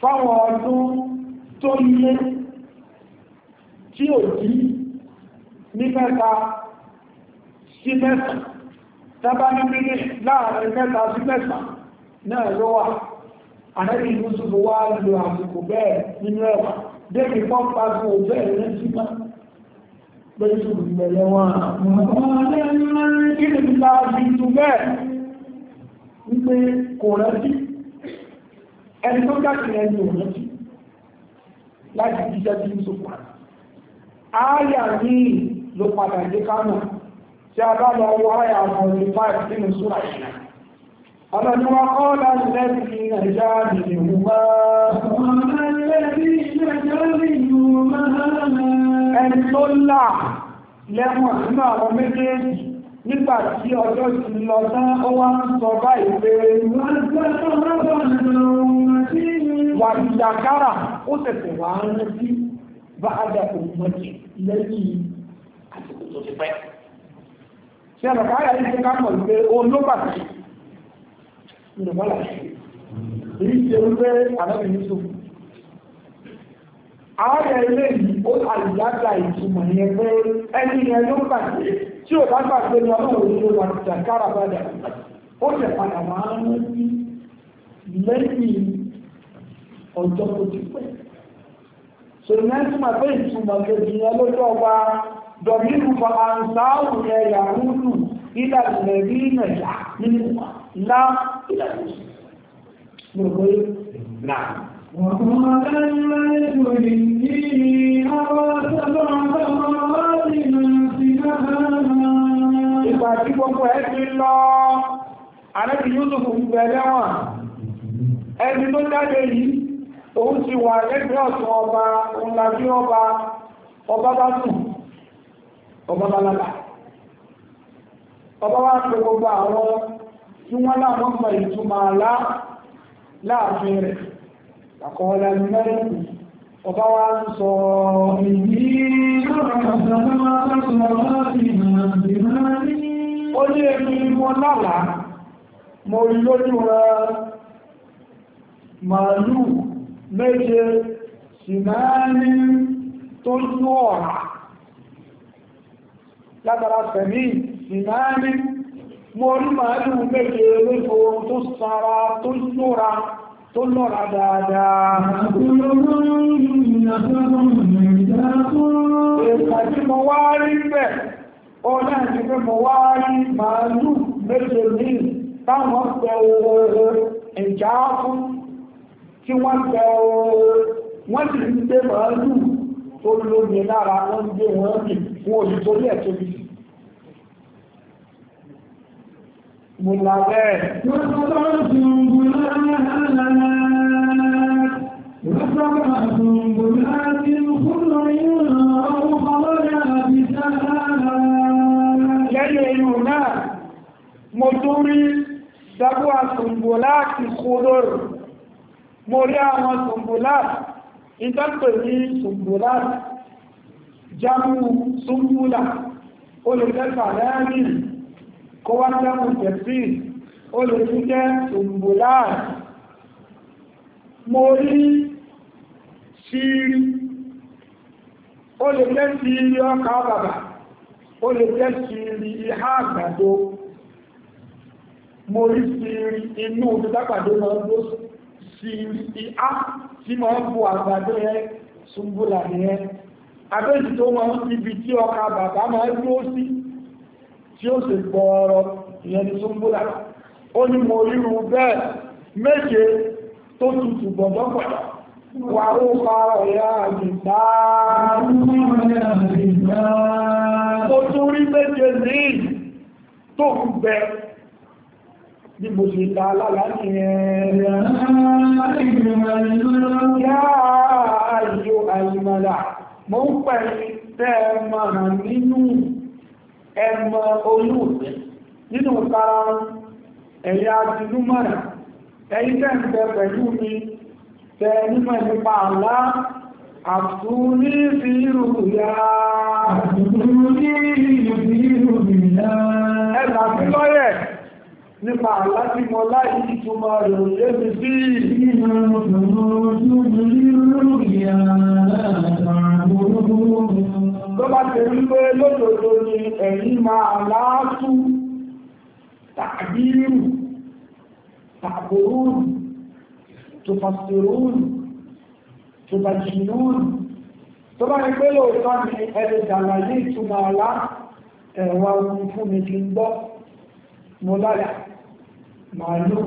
fáwọn ọdún tó yẹ tí ò dí ní mẹ́ta sí mẹ́ta tábá ní mílẹ̀ láàrin mẹ́ta sí mẹ́ta náà ló wà àrẹ́bí Yúsúfù wá lò àsìkò bẹ́ẹ̀ nínú ẹ̀wà débi pọ́pá tó bẹ́ẹ̀ lẹ́sí máa lóṣù ìgbẹ̀lẹ̀ wọn àwọn ọmọdé ẹni tó jáde rẹ̀ ní òun jù láti jíjẹ́ bí tó pa. Ááyà ní ló padà dé kánà tí a bá lọ wọ ááyà àwọn ọmọ ìfáà nínú súra ìṣẹ́. Ọ̀nà ni wọ́n kọ́ láti lẹ́bi ní ẹ̀já nìyí mú máa. Ọ̀nà lẹ́bi ní ẹ̀já nìyí mú máa. Ẹni tó là lẹ́wọ̀n nínú àwọn méjèèjì nígbà tí ọjọ́ ti lọ tán ó wá ń sọ báyìí pé wà ìdàkára ó tẹ̀sẹ̀ wà ń rántí bá àgbà òmùmọ̀jì lẹ́yìn àsìkò tó ti pẹ́. ṣe ṣe ká mọ̀ wípé òun ló ààrẹ ilé yìí ó ìtumọ̀ yẹn pé ẹni yẹn ló pàtàkì tí ò bá gbàgbé ní ọlọ́run ní wà jàkárà padà ó lè padà máa ń rántí lẹ́yìn ọjọ́ tó ti pẹ́. sọ̀rọ̀ náà tí màá bẹ́ẹ̀ túmọ̀ kejì yẹn lójú ọba dọ̀míru fa àǹsáàrù yẹn yàrúlù ilà ìlẹ̀rí nàìjà nínú lá ilà ìlú. mo rò pé náà. wọ́n máa ń lẹ́yìn ìròyìn yìí àwọn ọ̀sán tó ń bá wọn wá sí náà ìgbà tí gbogbo ẹ ti lọ àrẹ́bì Yusuf ń bẹ lẹ́wọ̀n ẹni tó jáde yìí òun ti wà lẹ́gbẹ̀ẹ́ ọ̀tún ọba òun làbí ọba ọba bá sùn ọba bá lábà ọba wá pé gbogbo àwọn tí wọ́n láwọn mọ̀ ìtumọ̀ àlá láàfin rẹ̀ àkọọ́lá ní mẹ́rin ọba wá ń sọ èyí ó ní èmi mo lálàá mo rí lójú rẹ màálù méje sìmáàní tó ní ọ̀rá látara fẹ̀mí sìmáàní mo rí màálù méje lójú tó sára tó lóra tó lọ́ra dáadáa. Ìpàdé mo wá rí bẹ́ẹ̀ ó náà ní pé mo wá rí màálù méje míì táwọn pẹ ooo ẹ̀já fún tí wọ́n pẹ ooo wọ́n sì ń gbé màálù tó lómi lára wọ́n gbé wọn rì fún òyìnbórí ẹ̀ tóbi sí. Mo là bẹ́ẹ̀. Wọ́n tó bá ń dùn ún lọ́wọ́ وسبعة بلاد كل يوم أو خرج بسهالات lẹ́yìn inú náà mo tún rí dábú àtùnbò láti kúrò mo rí àwọn tùnbò láti ìtàpẹ̀ ní tùnbò láti jámù súnmúlà olùkẹta lẹ́yìn kó wá jámù tẹ̀sí olùkẹ́ tùnbò láti mo rí sírí olùkẹ́ sírí ọkà bàbà ó lè jẹ́ ṣìírí ihá àgbàdo mo rí ṣìírí inú omi tápàdé máa ń ló ṣìírí ihá tí máa ń bu àgbàdo yẹn ṣùgbọ́là nìyẹn abẹ́jì tó máa ń ibi tí ọkà bàbá máa ń ló sí tí ó sì gbọ́ọ̀rọ̀ ìyẹn ni ṣùgbọ́là ó ní mo ríru bẹ́ẹ̀ méje tó tutù bọ̀dọ̀ pẹ̀lú wà ó pa ọ̀yà àgbìgbà kó tún rí méje ní tó ń bẹ bí mo ṣe ta alára ní ẹ̀rẹ̀ ààyò àìmọ̀lá mo ń pẹ̀lú tẹ́ ẹmọ̀ nínú ẹmọ olóòtẹ́ nínú kára ẹ̀yà àtinúmọ̀rẹ̀ ẹ̀yí tẹ́ ń bẹ pẹ̀lú mi àtúní fi rúyà àtúní fi rúyà ẹ̀là fi lọ́yẹ̀ nípa àláti mọ́ láì ìtumọ̀ rẹ̀ òye mi sí tó bá tẹ̀ wípé lódòdó ni ẹ̀yìn máa láásù tàbí rù tàbí rù tó bá jì lóòrùn tó bá rí pé lóòótọ́ ni ẹni dàlàyé ìtumọ̀ àlá ẹ̀wà ohun fún mi ti ń gbọ́ mo lára màálù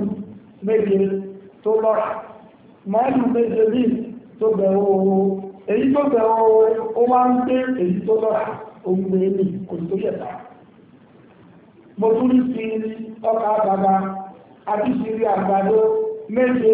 méje tó lọ́ra màálù méje bíi tó bẹ̀rù owó èyí tó bẹ̀rù owó ó máa ń gbé èyí tó lọ́ra ó gbé ní kò tó yẹ̀ta mo tún rí sí ọkà bàbá àti sí àgbàdo méje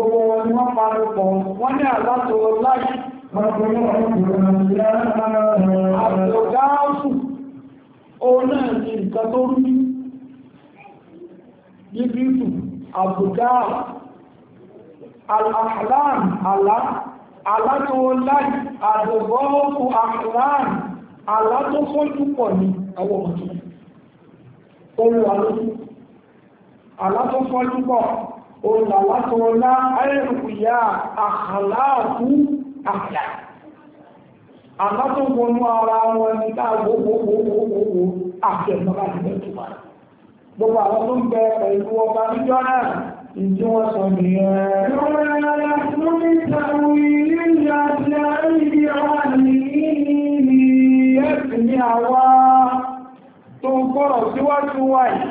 gbogbo wọn ni wọ́n parí pọ̀ wọ́n ní àlátò láì àtògáàsù òun náà ni nǹkan tó rú ní yíbítù àbùgáà àlàáhàlán àlá àlátò láì àdògọ́ọ̀kù àhàlán àlá tó fọ́jú pọ̀ ní àwọn ọmọdé ohun àlójú àlá tó fọ́jú pọ̀ olàwátọ́lá ayẹ́rùkúyà àhàláàkú àhàlá àbátọ́gbọnú ara wọn ní táàgbogbogbogbogbò àfẹ́mọ́lá ìgbẹ́tùmá gbogbo àwọn tó ń bẹ pẹ̀lú ọba níjọ́ náà ìjí wọ́n sọ nìyẹn tó gbọ́rọ̀ síwájú wáyìí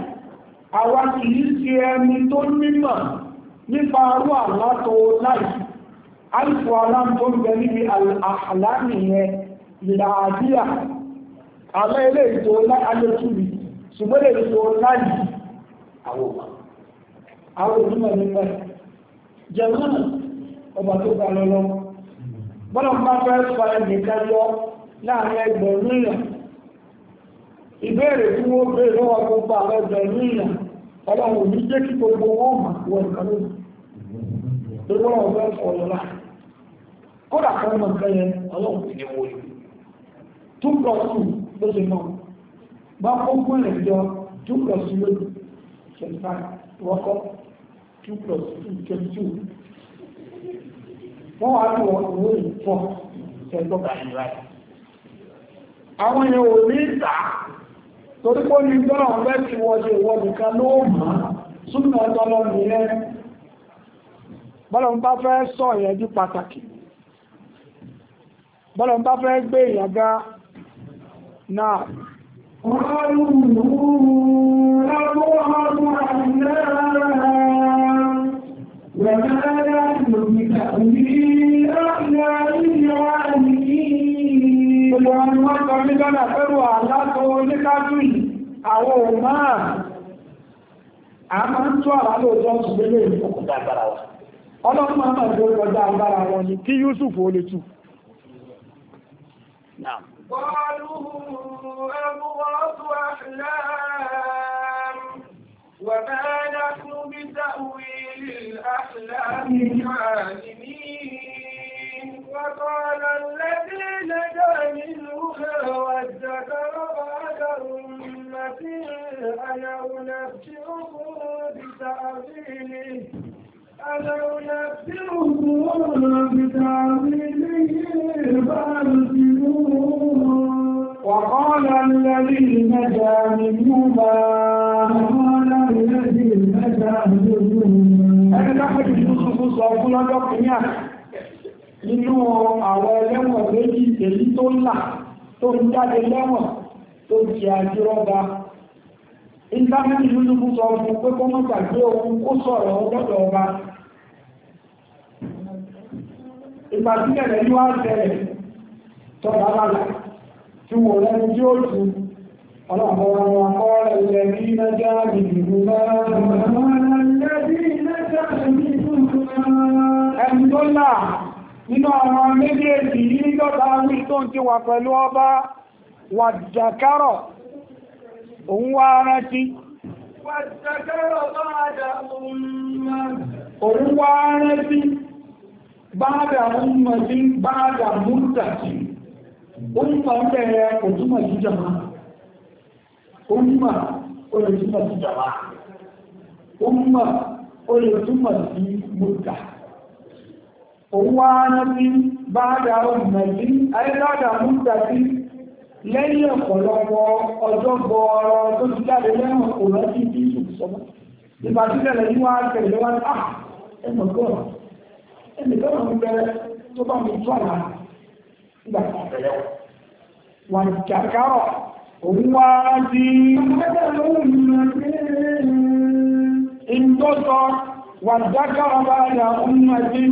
àwa kìí ṣe ẹni tó nímọ̀ nípa arú àlátò láì àìfò aláàmù tó ń bẹ níbi àhàlá nìyẹn ìlàádíà alẹ́ ilé ìtò alẹ́tùrì ṣùgbọ́n lè tó láì àwọn àwọn onímọ̀ nípa jẹ̀mọ́n ọba tó ga lọ́lọ́ bọ́lọ̀ bá fẹ́ sọ ẹnìkan yọ láàrin ẹgbẹ̀rún ìyàn ìbéèrè tí wọ́n béèrè lọ́wọ́ gbogbo àwọn ẹgbẹ̀ ní ìyàn ọlọ́run ní jẹ́ kí gbogbo wọn mà wọ nǹkan lónìí tó lọ́wọ́ ọgbẹ́ ọ̀yọ́ lá kódà kan mọ̀ nǹkan yẹn ọlọ́run ti ní wo yìí two plus two ló àwọn èèyàn ò ní ìta torí pé ní bá àwọn bẹ́ẹ̀ ti wọ́de ìwọ́de kan ló mọ̀ súnmọ́ ọ̀tọ́lọ́ nìyẹn bọ́lọ̀ ń bá fẹ́ sọ ìyẹn pàtàkì bọ́lọ̀ ń bá fẹ́ gbé ìyàgá náà وما níjọ́nà pẹ̀lú àlátò oníkájú yìí àwọn òmáà a máa ń tó àrá lóòjọ́ ṣùgbélé ìfòkùnjà agbára wọn agbára wọn ni kí Yusuf ó lè tú فقال الذي نجا منها وادكر بعد أمة أنا أنبئكم بتأويله أنا أنبئكم بتأويله فأرسلون وقال الذي نجا منهما وقال الذي نجا منهما أنا لا أحد يشوف خصوصا وكل هذا nínú àwọn ẹlẹ́wọ̀n méjì èyí tó tó ń jáde lẹ́wọ̀n tó di àjírọ́gba ìtàmẹ́lì lúlùkú sọ fún pé kọ́ mọ́ gbàgbé ohun kó sọ̀rọ̀ ọgọ́dọ̀ ọba ìgbàsílẹ̀ tọ́ba tí wò lẹ́nu tí ó nínú àwọn méjèèjì yìí lọ́ta wí tó ń ti wà pẹ̀lú ọba wà òun wá rántí òun wá rántí báadà ọmọ sí báadà múrùtàtì onímọ̀ bẹ̀rẹ̀ jama onímọ̀ olùtúmọ̀ sí jama onímọ̀ òwúwánàbí bá dáa mẹ̀lí ayédáadà mú tàbí lẹ́yìn ọ̀pọ̀lọpọ̀ ọjọ́ gbọ́ọ̀rọ̀ tó ti jáde lẹ́wọ̀n kò rántí bí ìṣòkùsọ́mọ́ ìbàdílẹ̀ ní wá tẹ̀lé wá ní àà ẹ̀mọ̀ gọ́ọ̀rọ̀ ẹni gọ́ọ̀rọ̀ ń bẹ̀rẹ̀ tó bá mi tó àlà nígbà tó bẹ̀rẹ̀ wà ní kàkàrọ̀ òun wá di ìtọ́sọ wà dákàrọ̀ bá yà ọmọ ẹ̀dín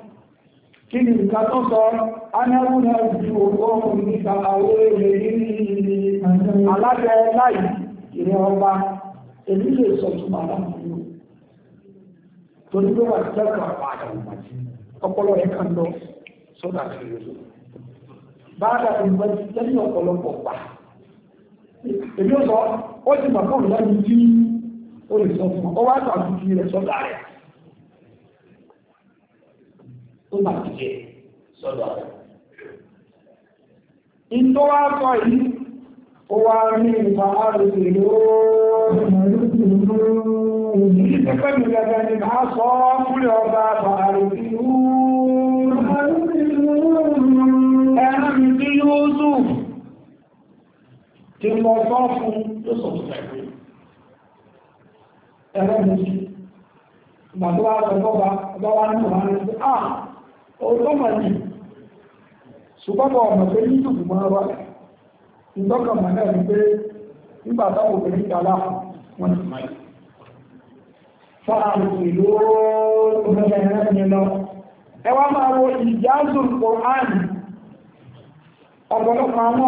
kí ni nǹkan tó sọ anáwúrà ju ọgọ́rùn nípa àwọn èrè ní alábẹ́ láì ìrìn ọba èmi lè sọ túnmọ̀ aláàmúlò tó ní pé wà tẹ́kọ̀ọ́ àpàdà ìgbàtí ọpọlọ rẹ̀ kan lọ sọ́dà sí ìrìn báadà ìgbàtí lẹ́yìn ọ̀pọ̀lọpọ̀ pa èmi ó sọ ó ti mọ̀ fún ìlànà tí ó lè sọ fún ọ wá tàbí rẹ̀ sọ́dà rẹ̀ ó bà jẹ́ sọ́dọ̀ rẹ̀. Ìtọ́ wá sọ yìí, ó wá ní ìgbà àrùsì lóòrùn. Tí mo sọ fún ló sọ fún ẹ̀kùn. Ẹ̀rọ mi, ìgbà tó wá sọ fọ́ba, ọba wá ní ọ̀rọ̀ àwọn ẹgbẹ́, ah, ọ̀tọ́ mà ní ṣùgbọ́n ọmọ pé ní ìdùnnú máa wá ìdọ́kàn mà náà ní nígbà táwọn obìnrin wọn ti máa ìlú ọmọdé lọ máa wo ọ̀pọ̀lọpọ̀ àwọn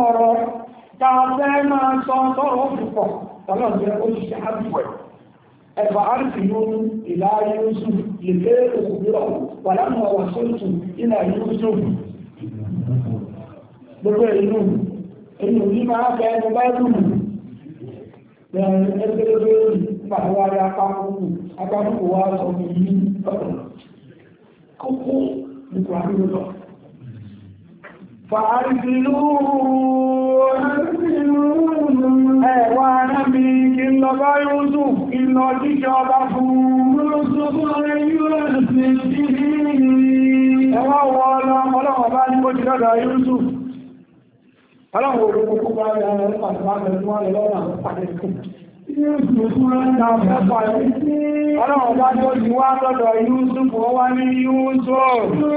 ọ̀rọ̀ a máa sọ òfin pọ̀ tọ́lọ́ فأرسلوا إلى يوسف لكي أخبره ولما وصلت إلى يوسف gbogbo ìlú inú yìí máa fẹ́ ẹnu báyìí kí ń lọ bá yóò ìlọ jíjẹ ọba fún ẹwà wọ ọlọ́wọ̀ bá ní ojú lọ́dọ̀ yóò ọlọ́wọ̀ olókùnkú bá rí ara rẹ̀ pàtàkì máa bẹ̀rẹ̀ wọn lọ́wọ́ àwọn pàtàkì Ọlọ́run bá tó ti wá lọ́dọ̀ Yúúsùfù ó wá ní Yúúsùfù.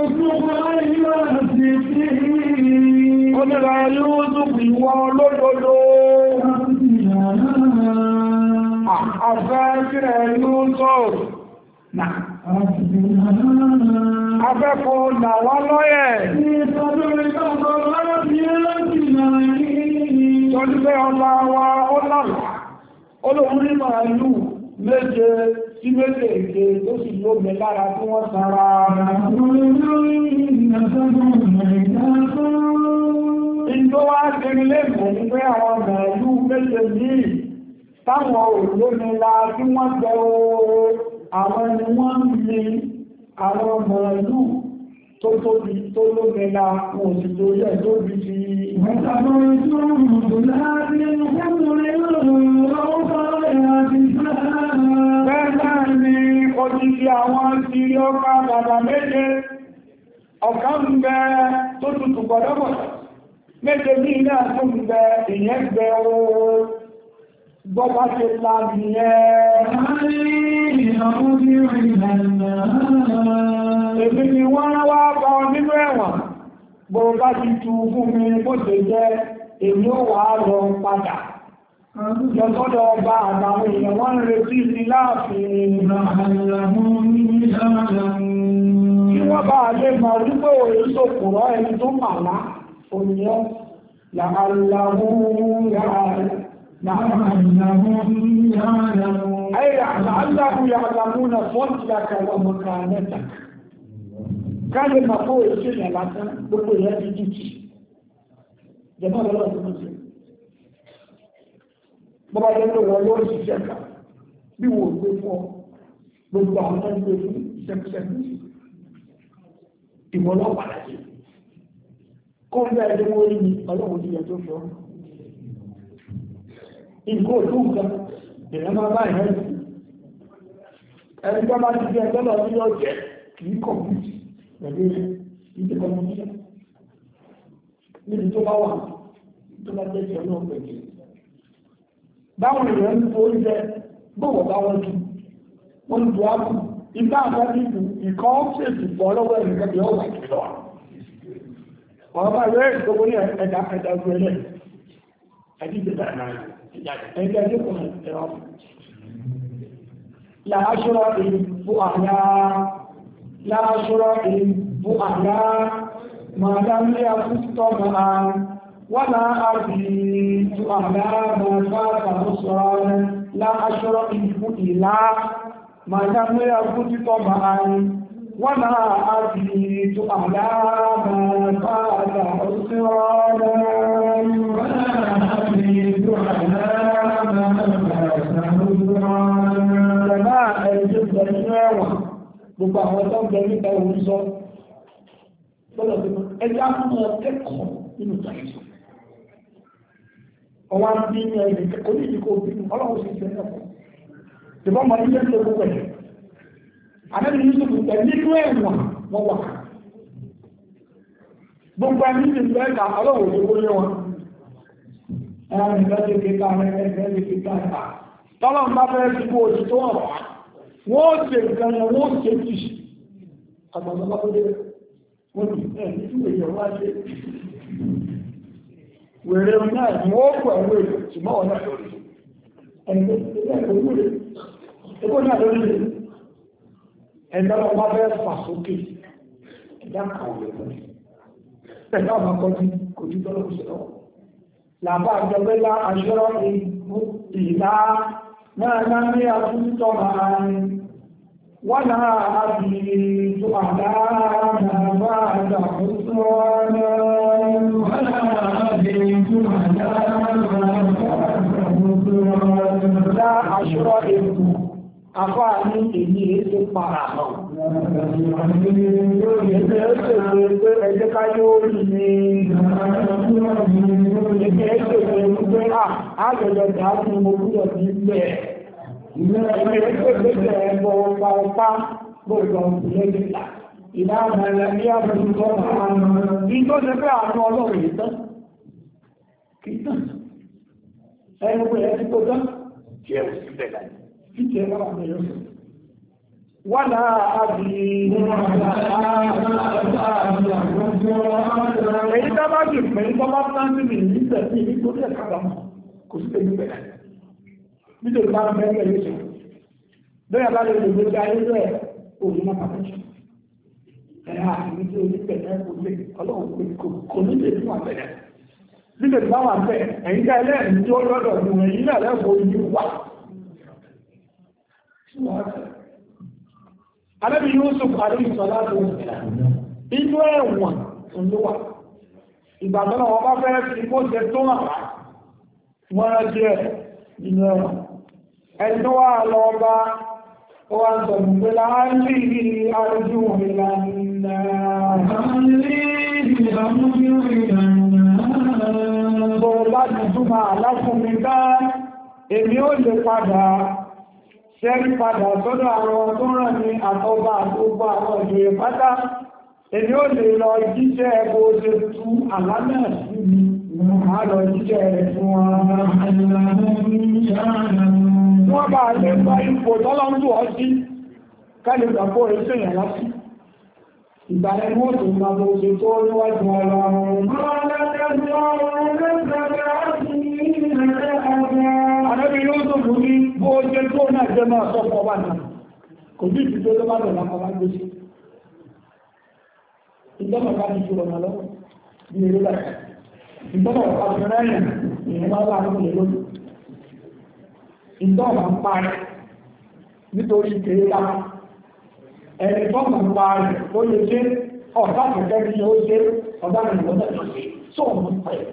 Ó ní lọ Yúúsùfù ìwọ olódodo. Afẹ́fẹ́ lúúsọ̀rọ̀. Afẹ́fẹ́ làwá lọ́yẹ̀. Tọ́júfẹ́ ọlá wa ó lára. Olóhun ní màálù méje tí méje èdè tó sì lómi lára tí wọ́n sára. Ìjọ wá gẹ̀rẹ̀ lẹ́gbẹ̀ẹ́ àwọn màálù méje yìí táwọn òlónìlá tí wọ́n jẹ ooo àwọn ni wọ́n ń àwọn mọ̀ọ̀lú tó tóbi tó lómìnira sì tó yẹ tó bí ti ti ọkà tó láàrin gbọdọ́gbọ̀dọ̀, méje ní Bọ́bá ṣe la nìyẹn. Èmi ni wọ́n wá bá nínú ẹ̀wọ̀n. Bọ́bá ti tu fún mi bó ṣe jẹ́ èmi ó wà lọ padà. Lọ́sọ́dọ̀ ọba àtàwọn èèyàn wọ́n ń retí sí láàfin Kí wọ́n bá lè mọ̀ wípé òun tó kùrọ̀ ẹni tó màlá, òmìnira, làálàá أي لعلهم يعلمون فضلك ومكانتك كان ما هو السنة لكن بقول هذه جيتي جمال الله سبحانه bọ́bá jẹ́ pé wọ́n yóò ṣiṣẹ́ ká bí wò gbé fún ọ gbogbo àwọn tó ń gbé fún ṣẹ́kùṣẹ́kù ìwọ́lọ́pàá láti kó ń bẹ́ẹ̀ lówó rí ni ọlọ́run ti yẹ tó fi ọmọ ìgbó òtún nǹkan èèyàn máa bá bá ti jẹ tọ́lọ̀ tí yóò jẹ kì í pẹ̀lú ìdí kọ̀mùtì níbi tó bá wà tó bá jẹ́ ìṣẹ́ náà báwọn èèyàn ń fo oúnjẹ bọ̀wọ̀ bá jù wọn ju ápù ìgbà àgbájú ìlú ẹgbẹ́ tó kọ̀ ẹ̀rọ. Làásùrọ̀ èyí bú àyà làásùrọ̀ èyí bú àyà màá dá ní àkútọ́ màá wọ́nà àbìlì tó àyà màá bá tàbí sọ̀rọ̀ làásùrọ̀ èyí bú ìlà màá dá ní àkútọ́ màá wọ́nà àbìlì tó àyà màá bá Gbogbo àwọn tó ń nípa òun sọ, lọ́dọ̀ tó ẹjá fún ọ nínú ìtàkìsọ. Ọwá ń bí ní ẹ̀rì kẹ́kọ̀ọ́ ní ìdíkò òbínú, ọlọ́run sì fẹ́ ẹ̀kọ́. Ìbọn mọ̀ ní sùkùn pẹ̀ ẹran nìkan lè ké ká rẹ tọ́lọ̀ ń bá fẹ́ dúpọ̀ oṣù tó wà wá wọ́n ó ṣe nǹkan yẹn wọ́n ó ṣe jì àgbàdo bá tó dé wọ́n ti ẹ̀ ní èèyàn wá ṣe wèrè náà ni wọ́n pọ̀ ẹ̀rọ èlò ṣùgbọ́n wọn náà lórí ẹ̀gbẹ́ ẹ̀gbẹ́ lórí ẹ̀gbẹ́ náà lórí ẹ̀dá wọn bá làbá àjọgbẹ́lá aṣọ́rọ̀ ìlà náà náà ní àtúntọ́ máa ń wọ́n náà àbìrì tó àdáàmà bá àdàkùnṣọ́ náà wọ́n náà àbìrì tó àdáàmà bá àdàkùnṣọ́ náà afá ní èyí èso para hàn. Ìgbẹ́ ṣèṣe pé ẹjẹ́ ká yóò rí ni. Ìgbẹ́ ṣèṣe pé àgbẹ̀lẹ̀ dà ní mo gbúdọ̀ ní bẹ̀. Ìgbẹ́ ṣèṣe pé ẹ̀bọ̀ ọ̀pá ọ̀pá gbọ́dọ̀ lẹ́yìn là. Ìdáhùn ẹ̀rẹ̀ ní àbúrú tó máa ń lọ. Ìgbọ́ ṣe pé àwọn ọlọ́run yìí tán. Kì í tán. Ẹnu pé ẹni tó tán. Ṣé o sì bẹ̀ láyé? títẹ̀ lára mi yọ wàlá àbí èyí tá bá jù pé tó bá tán sí mi ní tẹ̀sí nítorí ẹ̀ka àdámà kò sí tẹ̀sí bẹ̀rẹ̀ nítorí bá ń bẹ́ẹ̀ lẹ́yìn sọ bẹ́ẹ̀ bá lè lè lórí ayé bẹ́ẹ̀ òun náà pàtàkì ẹ̀yà àmì tí o ní pẹ̀lẹ́ kò lè ọlọ́run pé kò ní lè fún àbẹ̀rẹ̀ nítorí bá wà bẹ́ẹ̀ ẹ̀yìn dá ẹlẹ́rìí tí ó lọ́dọ̀ ọ̀dùn ẹ̀yìn náà lẹ́kọ̀ọ́ ojú wa Anábì Yusuf Adéṣọ́lá tó ń tẹ̀lá. Inú ẹ̀wọ̀n ló wà. Ìgbà tó náà wọ́n bá fẹ́ fi kó jẹ tó hàn wá. Wọ́n rán jẹ́ inú ẹ̀wọ̀n. Ẹni tó wà lọ bá ó wá ń sọ pé láàárín arúgbó ìlànà. Bọ̀ bá ti túmọ̀ àlá fún mi bá èmi ó lè padà ṣẹ́rí padà sọ́dọ̀ àwọn tó rán ní àtọ́bà àtọ́bà àwọn ìjòyè pátá èdè ó lè lọ jíṣẹ́ ẹgbò ṣe tú àlánà sí máa lọ jíṣẹ́ rẹ̀ fún wọn bá lè gba ipò tọ́lọ́mù ọtí kálùgbàpọ̀ ẹ̀ṣẹ́ ìyàlá sí ìgbà ẹni ó tó gba kó jẹ́ tó náà jẹ́ máa sọ fọ́ wà náà kò ní ìdíjọ́ ló bá dọ̀la kọ́ wá gbé sí ìjọba bá ti jùlọ náà lọ́wọ́ bí eré bá ìjọba bá ti rẹ́yìn ìyẹn bá wà nínú lónìí ìjọba ń parí nítorí kéré bá ẹni tó mọ̀ ń parí ó lè ṣe ọ̀dà kẹ̀kẹ́ bí ó ṣe ọ̀dà kẹ̀kẹ́ bí ó ṣe sóòmù pẹ̀lú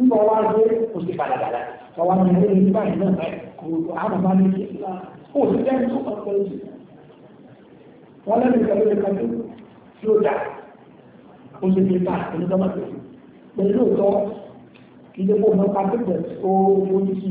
ń bọ̀ wá ṣe kò sí padà padà ọ̀wá ni ó lè ní báyìí náà báyìí àmàbá ní kí ó sì jẹ́ ní ọ̀pọ̀ ìlú wọ́n lẹ́nu ìkàlẹ́ ìkàlẹ́ tí ó dà ó sì fi ta ẹni tó máa tẹ̀lé pẹ̀lú òótọ́ kí ló kó mọ́ pàtẹ́tẹ̀ tó ó ní sí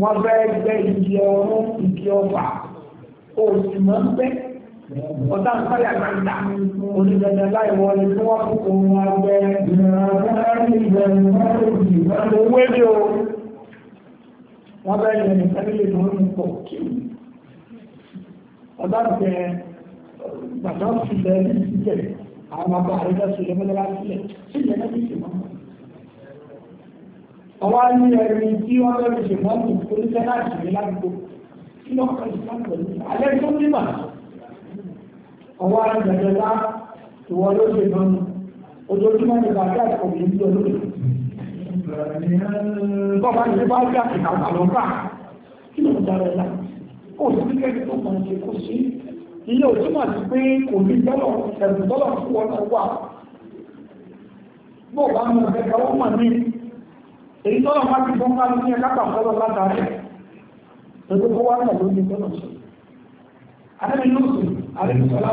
wọ́n fẹ́ gbẹ́ igi ọrún igi ọba òsì mọ́ gbẹ́ ọ̀tá nǹkanlẹ̀ àgbàǹdà onídàájọ́ láì wọlé tí wọ́n fún òun àgbẹ̀ owó èdè o wọ́n bẹ́ẹ̀ yẹn nìkan nílé tó ń pọ̀ kí ọ̀tá nìkẹ́ gbàdọ́ sílẹ̀ ní sílẹ̀ àwọn ọba àrídà sílẹ̀ mọ́lẹ́lá sílẹ̀ sílẹ̀ náà ti sì mọ́ ọwọ́ ní ẹni tí wọ́n lọ́rọ̀ ṣe mọ́ ní oníṣẹ́ láti ní ládùúgbò kí lọ́ kọ́ ìṣẹ́ láti pẹ̀lú alẹ́ tó ní mà ọwọ́ ní ẹ̀jẹ̀ lá ìwọ ló ṣe mọ́ ní ojoojúmọ́ ní bàbá ẹ̀kọ́ mi ń lọ lórí. bọ́ọ̀bá ti bá gbà ìgbà àlọ́gbà kí ló ń darẹ̀ la kò sí kẹ́kẹ́ tó kàn ṣe kó sí ilé òtúmọ̀ sí pé kò ní tọ́lọ̀ ẹ̀bùn tọ́lọ̀ fún wọn náà wà bọ́ọ̀bá mi èyí tọ́lọ̀ bá ti fún kálù ní ẹ̀ká pàpọ̀lọ̀ látàrí ẹgbẹ́ kó wá náà ló ní tọ́lọ̀ sí adẹ́mi lóòsù àrẹ́sọ̀lá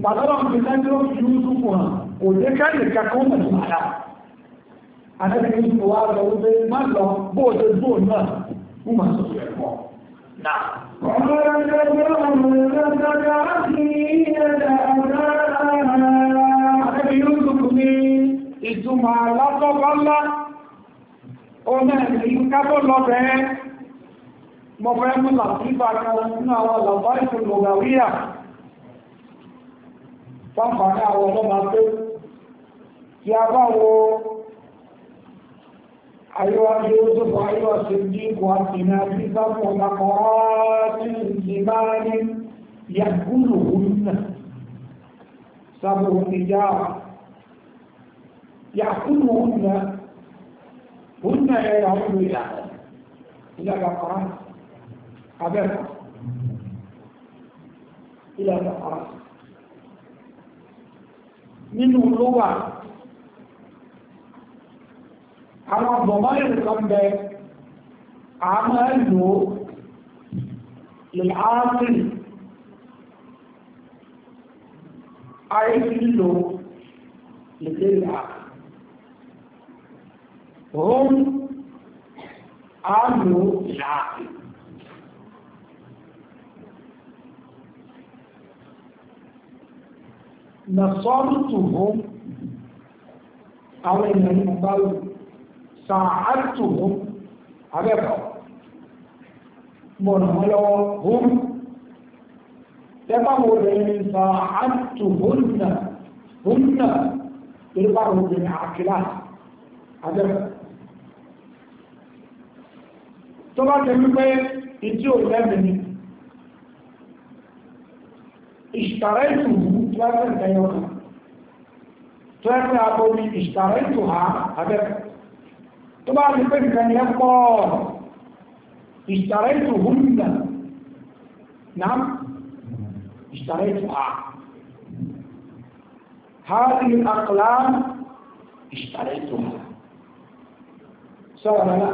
gbàdọ́lọ̀ fi lẹ́jọ́ yúúsù fún hàn kò jẹ́ káyè kakọ́ mẹ́rin mara adẹ́mi lóòsù wá lọ wípé má lọ bóòdé bóò náà mú mà sọ fẹ́ pọ̀ náà ọmọ ẹ̀sìn kábọ̀ lọ́bẹ̀ẹ́ mọ̀ fẹ́ mú làtífà kan nínú àwọn làbá ìṣòro gàwíyà fáfàá àwọn ọlọ́mà pé kí a bá wo àyíwá tí ó tó bọ̀ àyíwá tí ó dín kò àti ní àbíbá fún ọmọ kan ọ́ọ́tí Bununla eğer onu duyar. İlâ bakara. Haber. İlâ bakara. Nínú ló wà. Àwọn àgbọ̀mọ́ ìrìnkan bẹ àmọ́ ẹ̀lò lèláàtìrì. Ayé ti lílo هم عملوا العقل نصرتهم أو إنهم بل ساعدتهم هكذا مرملوا هم تبعوا لهم يعني ساعدتهن هن يرفعوا بالعقلات هذا tó bá jẹ wípé ìdí ò lẹ́mìí ni ìṣàrẹ́ ìtùwú lásẹ̀ tẹ́yọ̀ kan tó ẹ́ pé abo ni ìṣàrẹ́ ìtùhá abẹ́rẹ́ tó bá rí pé nǹkan yẹn pọ̀ ìṣàrẹ́ ìtùwú nìyà náà ìṣàrẹ́ ìtùhá هذه الأقلام اشتريتها سواء لا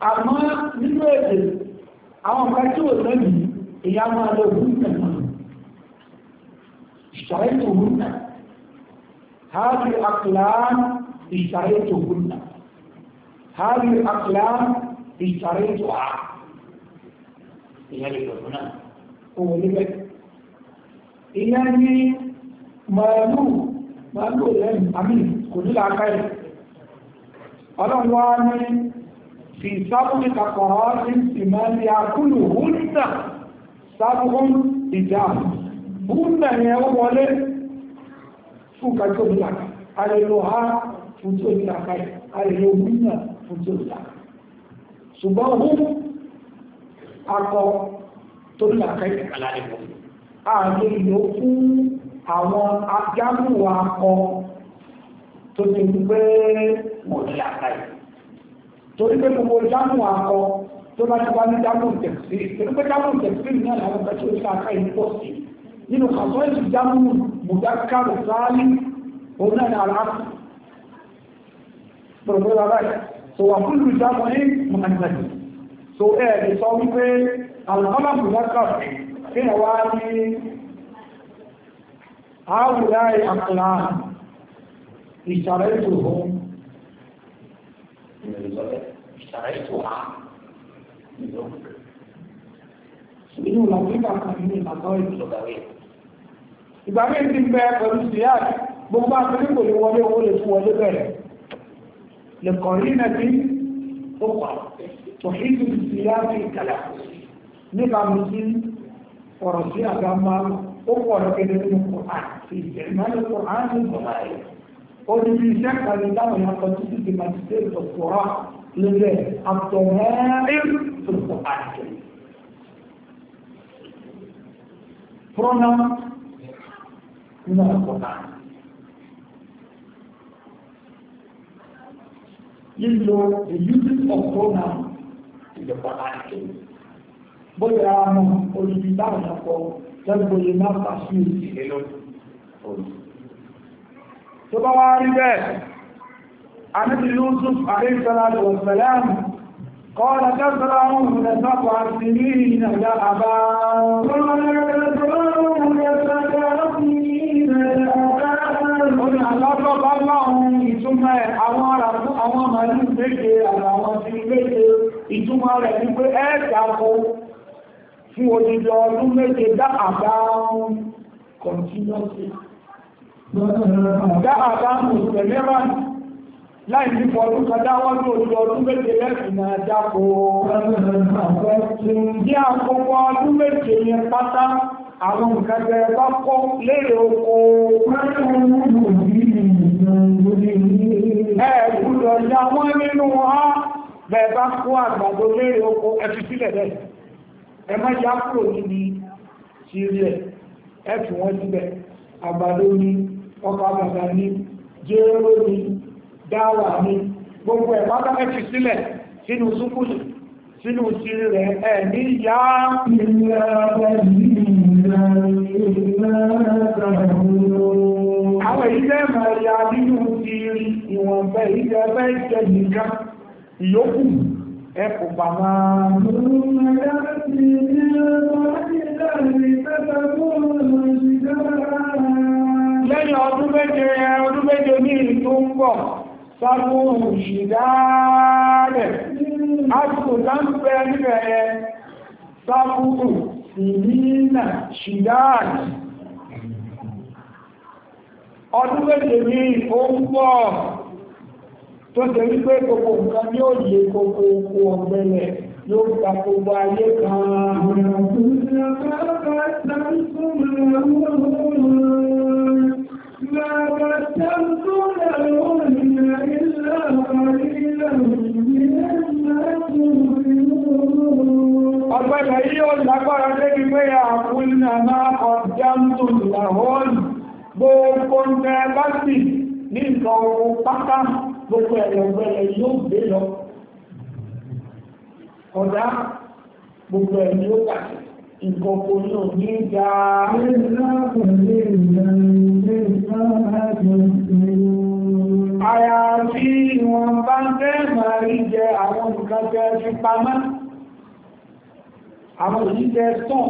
àmọ́ nínú èdè àwọn nǹkan tí ò lẹ́yìn ìyá máa lọ òun nà ìṣàrẹ́tò òun nà hábi àkùlán ìṣàrẹ́tò òun nà hábi àkùlán ìṣàrẹ́tò à ìyá lè lọ òun nà ó wọlé bẹ́ẹ̀. ìyá ní màálù màálù lẹ́yìn kò ní làákàyè ọlọ́run wá ní fi sábúrú kàkọ̀rọ̀ ní ìmọ̀lẹ̀ akúlù húnnà sábúrú ìjà húnnà yẹn ó wọlé fún kájọ́ ìlàkà alèlò ha fún tó ìlàkà alèlò húnnà fún tó ìlàkà ṣùgbọ́n hún akọ tó ìlàkà ìkàlà ẹ̀kọ́ ààrẹ ìlò fún àwọn ajámùwà akọ tó ti gbé mọ̀lẹ́ àkàyè torí pé gbogbo jámù akọ tó bá ti wá ní jámù tẹ̀sí torí pé jámù tẹ̀sí náà làwọn bẹ́ẹ̀ tó ń ṣàkà yìí pọ̀ sí nínú kàtọ́ ìlú jámù mùdákàrò sáálí òun náà ní aláàfin pọ̀lọpọ̀ bàbá rẹ̀ so wà fún ìlú jámù ní mọ̀nàmọ̀nà so ẹ̀ lè sọ wípé àlùkọ́lá mùdákàrò kí ni wá ní àwùrá àkàlà ìṣàrẹ́ ìṣòro بالبلد اشتريتها inú làbíkà kan ní ìlànà ìlúgbàwé ìgbàmí ti ń bẹ pẹ̀lú síyáàdì gbogbo àtúrí kò lè wọlé owó lè fún wọlé bẹ̀rẹ̀ lè kọ̀ rí náà tí ó pa tòhídù síyáàdì ìkàlà nípa mi sí ọ̀rọ̀ sí àgbà máa ó pọ̀ lọ́kẹ́lẹ́ nínú kọ̀ọ̀án ìjẹ̀mọ́ ní kọ̀ọ̀án ní kọ̀ọ̀án odidi iṣẹ́ kan ní táwọn yàtọ̀ títí di màjísírì tòkòrà lórí àtọ̀mẹ́rin tòkòrà àjẹ́. Prọ́nà nínú àkọ́kọ́. Lílo the usage of pronoun ìlú kọ́kọ́ àjẹ́. Bóyá àmọ́ olùdí táwọn yàtọ̀ tẹ́lifóye náà fà sí ìdílé tó bá wá rí bẹ́ẹ̀ anábi yusuf aléìsọ́láàdù wọ̀sẹ̀lẹ́m قال تزرعون سبع سنين ذهبا قال تزرعون سبع سنين ذهبا قل على ọlọ́run ìtumọ̀ ẹ̀ àwọn ará fún àwọn màálù méje àwọn ti méje ìtumọ̀ rẹ̀ ní pé ẹ́ẹ̀dàkó fún odidi ọdún méje dá àbá ọ̀run continuously dáadáa mú ìtẹ̀lẹ́wà láì ní fọdún kọjá wọ́n tó lọ ọdún méje lẹ́sìn náà jápo ní àkókò ọdún méje yẹn pátá àwọn nǹkan jẹ kọ́ lérè oko ọdún ya wọ́n nínú ha ọkọ̀ àgbàgbà ni jéró ni dáwà ni gbogbo ẹ̀ pátá ẹ fi sílẹ̀ sínú súnkúlù sínú sí rẹ̀ ẹ̀ ní ìyá àwọn ilẹ̀ mẹ́rìnlá nínú ti rí ìwọ̀nbẹ̀ ilẹ̀ ẹgbẹ́ ìjẹ nìkan ìyókù ẹkù pàmà Thank you lẹ́yìn ọdún méje ọdún méje ní ìlú ń bọ̀ sábú ìṣìdáàrẹ̀ àsìkò dáńpẹ́ níbẹ̀ ẹ sábú ìrìnà ṣìdáàrẹ̀ ọdún méje ní ó ń bọ̀ tó ṣe wípé gbogbo nǹkan yóò yé gbogbo oko ọ̀gbẹ̀lẹ̀ yóò gba gbogbo ayé kan مما قدمتم لهن إلا قليلا مما تؤمنون Ọgbẹ́lẹ̀ yíò lágbára débi pé àkúnnà máa ọ̀dámtò làhọ́n gbogbo ǹkan ẹgbá sí ní nǹkan ohun pátá gbogbo ẹ̀lọ̀gbẹ̀lẹ̀ yóò gbé lọ. Ọ̀dá gbogbo ẹ̀lú ó pàtàkì nǹkan kò ní òní ìjà. Ara tí wọ́n bá fẹ́ máa rí jẹ àwọn nǹkan jẹ fi pamọ́, àwọn òjíjẹ tán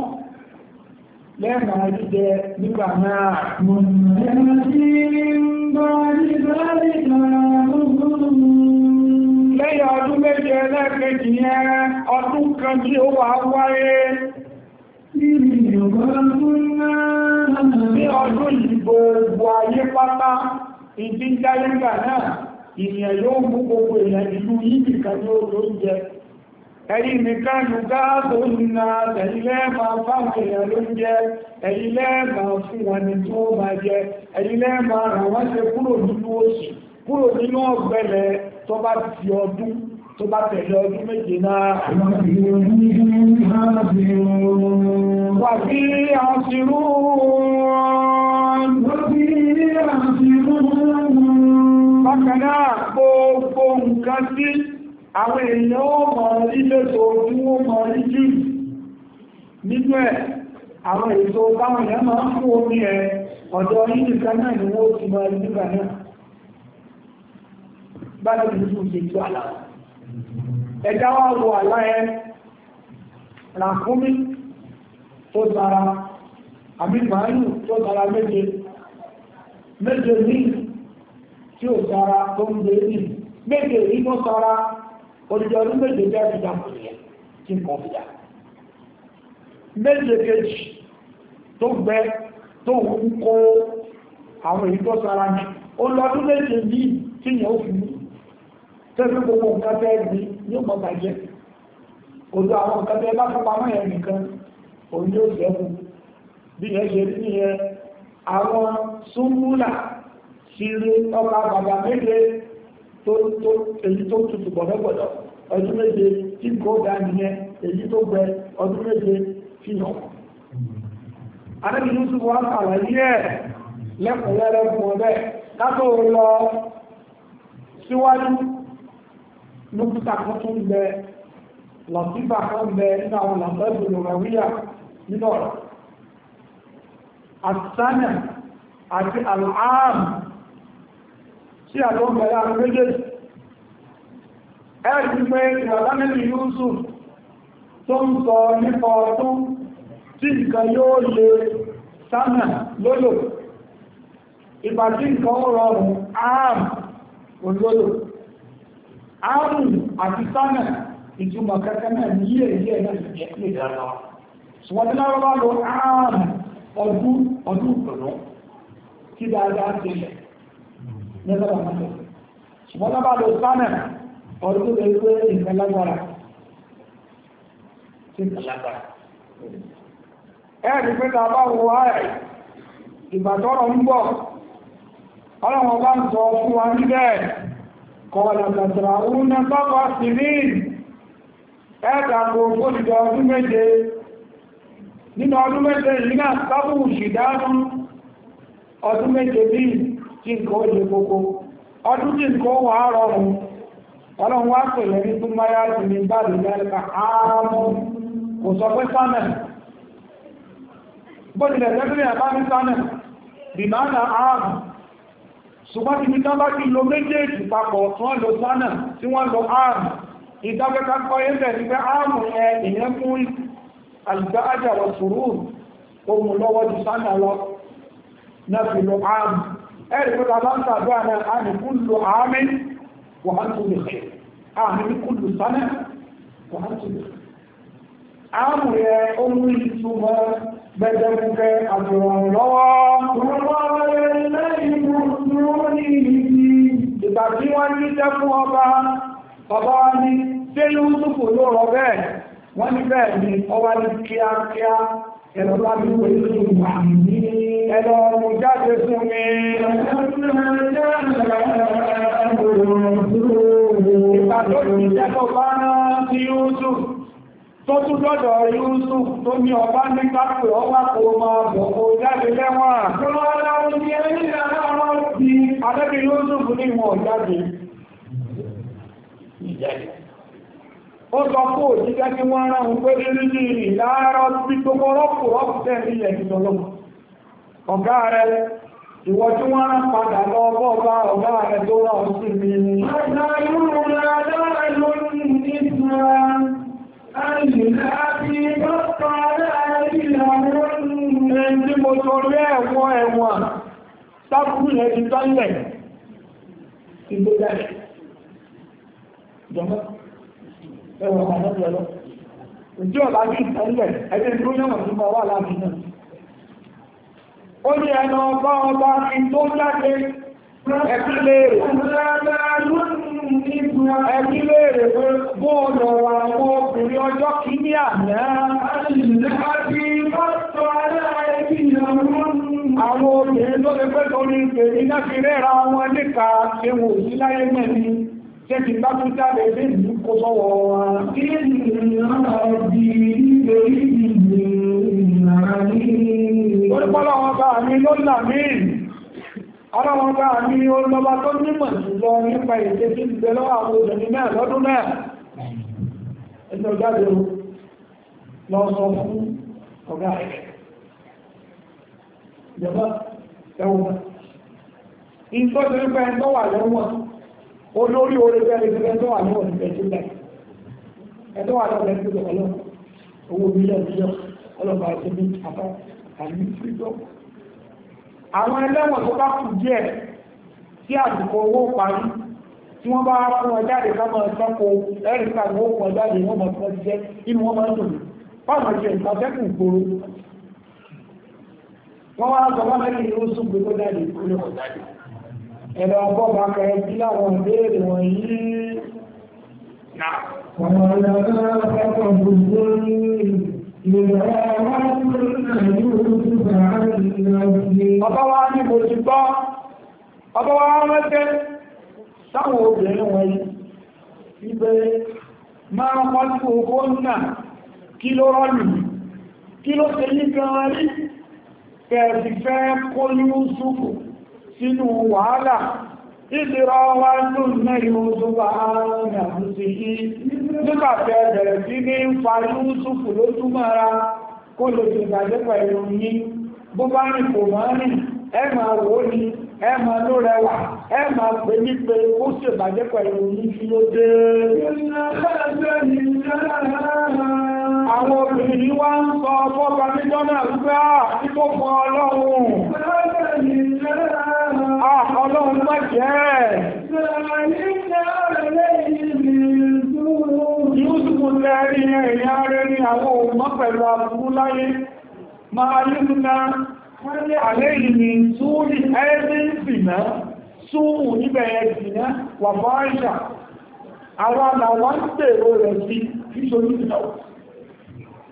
lẹ́nà jíjẹ nígbà náà. Ẹ̀rọ tí ń bá rí bá náà lókùnrin lẹ́yìn ọdún méje ẹlẹ́ẹ̀kejì yẹn ọdún kan tí ó wà wáyé Ní ọdún ìgbòògbò ayé pátá, ìdí jáyégbà náà, ìyẹn yóò mú gbogbo èèyàn ìlú yìí kan ní olóúnjẹ. Ẹ̀rí nìkan lù gáàbò nà tẹ̀lẹ́ máa fáwọn èèyàn lóúnjẹ, ẹ̀rí lẹ́ẹ̀mà fún wọn ni tí ó jẹ, ẹ̀rí lẹ́ẹ̀mà ràn tó bá tẹ̀lé ọdún méje náà wà bí àwọn gbogbo nǹkan sí àwọn èèyàn ó mọ̀ ilé tó ojú ó mọ̀ ijú nínú ẹ̀ àwọn èso báwọn èèyàn máa ń fún omi ẹ̀ ọ̀dọ̀ yínìkan náà ni wọ́n ti mọ̀ nígbà náà. Bára bí i ṣe ẹ̀dá wá wo àláyẹ ràkúnmí tó dára àbí màálù tó dára méje méje ní tí ó dára tó ń gbé ní méje rí tó dára odidi ọdún méje bẹ́ẹ̀ fi dá mọ̀ yẹn kí n kọ́ fi dá méje kejì tó gbẹ tó ń kó àwọn èyí tó sára ní ó lọ́dún méje yìí tí yẹn ó fi mú sẹ́fí gbogbo nǹkan tẹ́ ní yóò mọ bàjẹ́ òdo àwọn nǹkan tẹ́ bá fún pamọ́ yẹn nìkan òun yóò sẹ́kù bí yẹn ṣe rí nìyẹn àwọn súnmúlà síre ọkà bàbà méje tó tó èyí tó tutù gbọ̀dọ̀gbọ̀dọ̀ ọdún méje tí kò dá nìyẹn èyí tó gbẹ ọdún méje fi hàn. anábìyí sùn wá àlàyé ẹ̀ lẹ́kùnrẹ́rẹ́ fún ọ bẹ́ẹ̀ ká tó lọ síwájú lókítà kan tún bẹ lọ́síbà kan bẹ nínú àwọn làbẹ́bù lòrẹ̀wíyà nínú ọ̀rọ̀ àtìsánà àti àlàáàmù tí àlọ́ bẹ̀rẹ̀ àwọn méjèèjì ẹ̀rì pé ìrọ̀lánẹ́lì Yusuf tó ń sọ nípa ọdún tí nǹkan yóò lè sánà lólò ìbàtí nǹkan rọrùn ààrùn olólò àrùn àti ti wa ṣùgbọ́n tí lára bá lọ àrùn ọdún ọdún ìpẹ̀lú kí dáadáa ti lẹ̀ ní ẹgbẹ́ àwọn ọmọ ṣùgbọ́n lábá lọ sánà ọdún tó lè pé ìfẹ́ lágbára tí ìfẹ́ lágbára ẹ̀rì pé ta bá wo ọrụ ìgbàtọ́rọ̀ kọ́ọ̀lá tàtàrà òun náà bọ́kọ̀ sírín ẹ́kàkò fóòdìdọ̀ ọdún méje nínú ọdún méje yìí náà sábù ọdún méje bí tí nǹkan ó lè ọdún tí nǹkan wà rọrùn ọlọ́run wá pẹ̀lẹ̀ ní fún máyá ní ààmú kò sọ pé sánẹ̀ bó bá ní sánẹ̀ ààmù ṣùgbọ́n ibi tán bá ti lo méjèèjì papọ̀ tí wọ́n lo sánà tí wọ́n lo ààrùn ìdáfẹ́ká kọ́ ẹgbẹ̀ ní pé ààrùn ẹ ìyẹn fún àlùdáájà lọ sùúrù ohun lọ́wọ́ ju sánà lọ náà fi lo ààrùn ẹ̀rì pé tàbá ń tàbí àná àmì kún lo ààmì wàhántù lè ṣe àmì kún lo sánà wàhántù lè ṣe ààrùn ẹ ohun ìtumọ̀ gbẹdẹgbẹ àjọ̀rọ̀ lọ́wọ́ ìgbà tí wọ́n ní jẹ́ fún ọba ọba ní ṣé yúúsùfù ló rọ bẹ́ẹ̀ wọ́n ní bẹ́ẹ̀ ni ọba ní kíákíá ẹ̀rọ bá mi wọ ilé ìwà ní ẹ̀rọ mo jáde fún mi ìgbà tó ti jẹ́ kọ̀ọ̀bá náà ti yúúsùfù tó tún lọ́dọ̀ Yusuf tó ní ọba ní kápù ọwá kò máa bọ̀ kò jáde lẹ́wọ̀n tó lọ́lá ó ní ẹni lára ti adẹ́bí Yusuf ní ìwọ̀n jáde ó sọ kó òjíjẹ́ kí wọ́n rán un pé rí ní ìlàárọ̀ sí gbogbo rọ́pù rọ́pù tẹ́lẹ̀ ilẹ̀ ìjọlọ́mù ọ̀gá rẹ̀ ìwọ tí wọ́n rán padà lọ ọgọ́ọ̀gá ọ̀gá rẹ̀ tó rán sí mi ni Ẹwọ̀n àwọn ọmọdé ọlọ́. Ìjọ́ ọ̀lá ní ìtẹ́lẹ̀ ẹgbẹ́ ìgbóyànwọ̀n tó bá wà láàrin náà. Ó ní ẹnà ọba ọba ìtó jáde ẹ̀kílẹ̀ rẹ̀. Ẹbí léèrè pé bóòlù ọ̀rọ̀ àwọn obìnrin ọjọ́ kí ní àná. Àwọn obìnrin tó lè pẹ́ torí ìpè iná fi rẹ́ra wọn níka ewu òsí láyé mẹ́rin ṣe ti bá tún jáde lé ìlú kó sọ́wọ́ wọn. Kí ní pọ́lọ́ wọn bá mi ló ọlọ́wọ́n bá ní olọ́ba tó nímọ̀ jùlọ nípa èdè tí ń bẹ lọ́wọ́ àwọn obìnrin náà lọ́dún náà ẹjọ́ jáde lọ sọ fún ọ̀gá rẹ̀ ìjọba ẹwọ́n ìtọ́ ti nípa ẹ̀tọ́ wà lẹ́wọ̀n olórí orí bẹ́ẹ̀ ti ẹ̀tọ́ wà lẹ́wọ̀n ti bẹ̀ẹ́ sílẹ̀ ẹ̀tọ́ wà lẹ́wọ̀n ti bẹ̀ẹ́ sílẹ̀ àwọn ẹlẹ́wọ̀n tó bá kù díẹ̀ tí àsìkò owó parí tí wọ́n bá fún ọ jáde ká máa sọ́kọ ẹ̀rìn ká wọ́n fún ọ jáde wọ́n máa fún ọ jẹ́ inú wọn máa ń dùn fáwọn ṣe nǹkan fẹ́kùn gbòòrò wọ́n wá sọ wọ́n mẹ́rin ní oṣù gbogbo jáde kúrò ọ̀jáde ẹ̀rọ ọgbọ́ bá kẹrẹ sí láwọn ìbéèrè wọ̀nyí náà. Àwọn ọ̀nà náà fẹ́kọ̀ọ́ gbogbo Ọba wa ní mo ti gbọ́, ọba wa rẹ́tẹ́ sáwọn obìnrin wọ̀nyí, ibẹ̀ máa wọ́n tí òkó náà kí ló rọ́lù, kí ló ṣe ní gan rí, kẹ̀ẹ̀sì fẹ́ kó ní Yúsùfù sínú wàhálà ìdíra wa ló ná ìrùsùpá àárín àmúsí yìí nígbà tẹ bẹ̀rẹ̀ sí ní ń fa yúúsùpù ló túmọ̀ra kó lè ti gbàjẹ́ pẹ̀lú yín bó bá rìn kò mọ́ rìn ẹ máa àwọn obìnrin wá ń sọ fọ́ba níjọ́ náà wípé àti tó ọlọ́run ọlọ́run má jẹ́ Yúsùfù lẹ́rí ẹ̀yà rẹ̀ ní àwọn òmọ́ pẹ̀lú àbúrú láyé máa yúsùná alẹ́ ìrìn súúrì ẹ́rí ìsìnà súúrù níbẹ̀ ẹ̀sìnà wà bọ́ àìṣà àwọn àlàwọ́ ń tèrò rẹ̀ sí ìṣòlú ìdáwó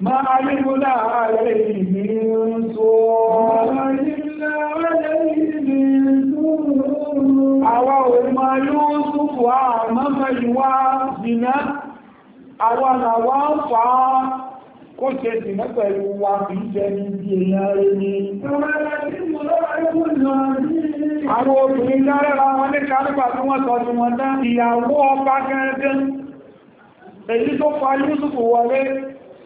ما علمنا عليه من سوء ما علمنا عليه من سوء أواه ما يوسف وما يوازنا أوانا وانفع kó ṣe ìsìnà pẹ̀lú wa fi jẹ ní bí èèyàn rẹ̀ ni. Àwọn obìnrin dárẹ́ra wọn ní kàrípà tí wọ́n sọ sí wọn dá ìyàwó ọba gẹ́gẹ́. Èyí tó fa Yúsùfù wọlé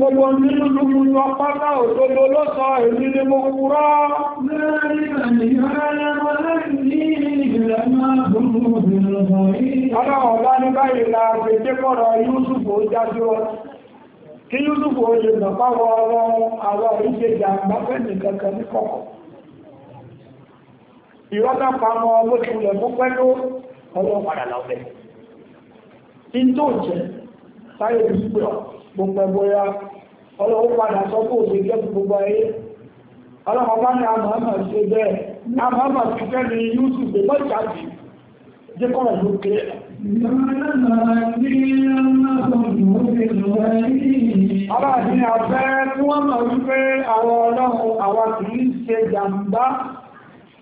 gbogbo nínú gbogbo ọpátá òtòdó ló sọ èmi ní mo kúrọ́ ọlọ́wọ̀ bá ní báyìí la pèsè kọ́rọ̀ Yúsùfò jájú ọ kí Yúsùfò lè nàpáwọ ọlọ́run àwọn ìṣẹ́jà àgbáfẹ́ nìkan kan ní kọ̀kọ̀ ìrọ́dá pàmọ́ ọmọ ìṣúlẹ̀ fún pẹ́lú ọlọ́pàá làwọn ẹ̀ tí tó jẹ sáyé ìgbé ọ̀pọ̀ gbogbo ẹgbọ́yá ọlọ́wọ́ padà sọ jẹ́ gbogbo ayé ọlọ́wọ́ bá ní àmàmà ṣe bẹ́ẹ̀ àmàmà ti fẹ́ ní yusuf lè mọ́ ìjáde jẹ́ kọ́rọ̀ ló ké Ọlọ́run ni mọ̀ wípé àwọn ọlọ́run àwọn ṣe jàǹbá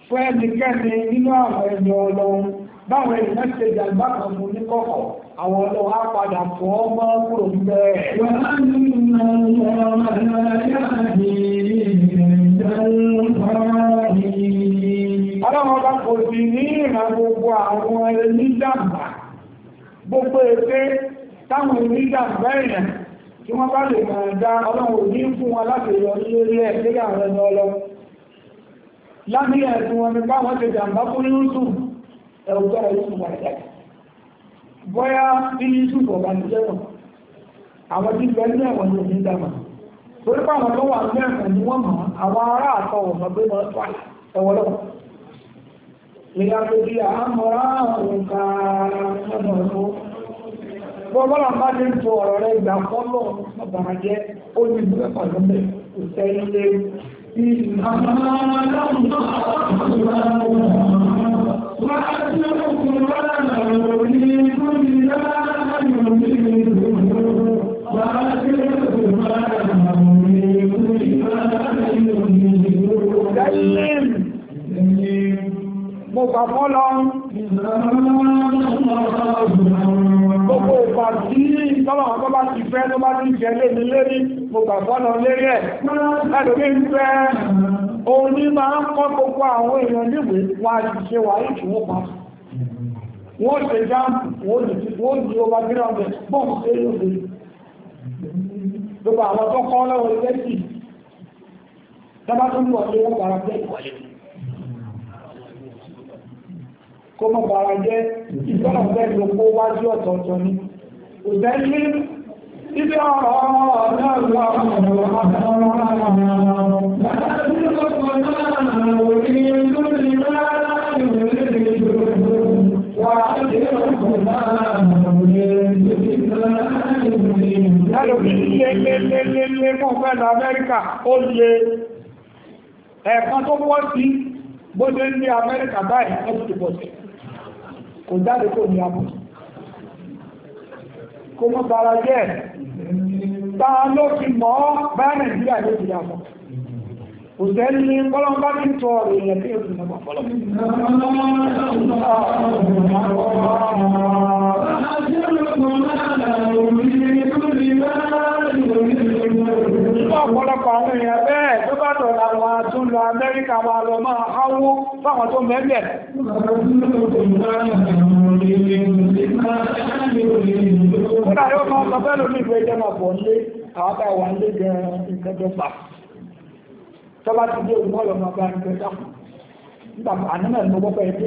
fún ẹnikẹ́ni nínú àwọn ẹ̀yọ ọlọ́run báwọn ṣe jàǹbá kan fún àwọn ọlọ́wọ́ á padà ọmọ kúrò bẹ́ẹ̀. Ọlọ́run ọba kò sí ní ìran gbogbo àwọn onídàgbà gbogbo ète táwọn onídàgbà èèyàn tí wọ́n bá lè máa dá ọlọ́run òní fún wọn láti lọ lórí ẹ̀ nígbà ẹ̀sùn wọn ni báwọn ti jàǹbá fún Yúsùn ẹ̀rù tọ́rọ wà jáde bóyá nínú ìṣùgbọ̀ bá ti jẹ́ náà àwọn tí bẹ́ẹ̀ ní ẹ̀wọ̀n ló ní dàmà torí pé àwọn tó wà ní ẹ̀wọ̀n ni wọ́n mọ̀ àwọn ará àtọ̀ ọ̀nà pé wọ́n fà ẹ̀wọ̀n lọ. ìyá tó di àmọ́ra àwọn ká ọ̀nà ọ̀nà bọ́ bọ́lá bá ti ń tu ọ̀rọ̀ rẹ ìgbà fọ́lọ́ bàbá jẹ́ ó ní ìlú ẹ̀kọ́ lọ́mọ ìfẹ́ ilé Wàá tí ó kún wá lọ́rọ̀ ní mo gbà fọ́lọ́ gbogbo ìgbà tí tọ́lọ̀wọ́ tó bá ti fẹ́ ló bá ti jẹ lémi lérí mo gbà fọ́lọ́ lérí ẹ̀ ẹ̀lùmí ń fẹ́ òun ní máa ń kọ́ gbogbo àwọn èèyàn níwèé wá ti ṣe wà ìṣòwò pa wọ́n ṣe jáàmù wọ́n di ọba gírànbẹ̀ bọ́ọ̀mù ṣe lóde gbogbo àwọn tó kọ́ lọ́wọ́ ilé sí tẹ́bá tó ń bọ̀ sí wọ́n gbàrà pé ìwọlé kó mọ́ bara jẹ́ ìtọ́nà fẹ́ ló kó wájú ọ̀tọ̀ọ̀tọ̀ ni kò sẹ́yìn ibi ọ̀rọ̀ náà lọ Lẹ́lẹ́lẹ́lẹ́lẹ́ mọ́ fẹ́ lọ Amẹ́ríkà ó lè ẹ̀kan tó wọ́n sí bó lé ní Amẹ́ríkà báyìí ó ti pọ̀ sí kò jáde kò ní abúlé kó mọ́ bara jẹ́ ta ló fi mọ́ bá nàìjíríà ló fi yà mọ́ kò sẹ́ni ní kọ́lọ́mbá ti tọ́ ọ̀rọ̀ èèyàn tí ó fi mọ́ fáwọn tó mẹ́lẹ̀ Nígbà yóò máa sọ fẹ́ lórí ìwé jẹ́ máa bọ̀ nílé, àwọn wà nílé gan nǹkan jọ pa. Tọ́lá ti dé òun mọ́lọ̀ máa bá ń gbé dákùn. Nígbà ànímọ̀ ni mo gbọ́ pẹ̀lú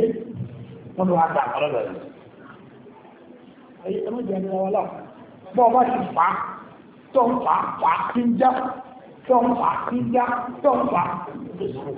wọ́n lọ àgbà ọlọ́dọ̀ọ́dọ̀. Ayé ẹmọ́jẹ̀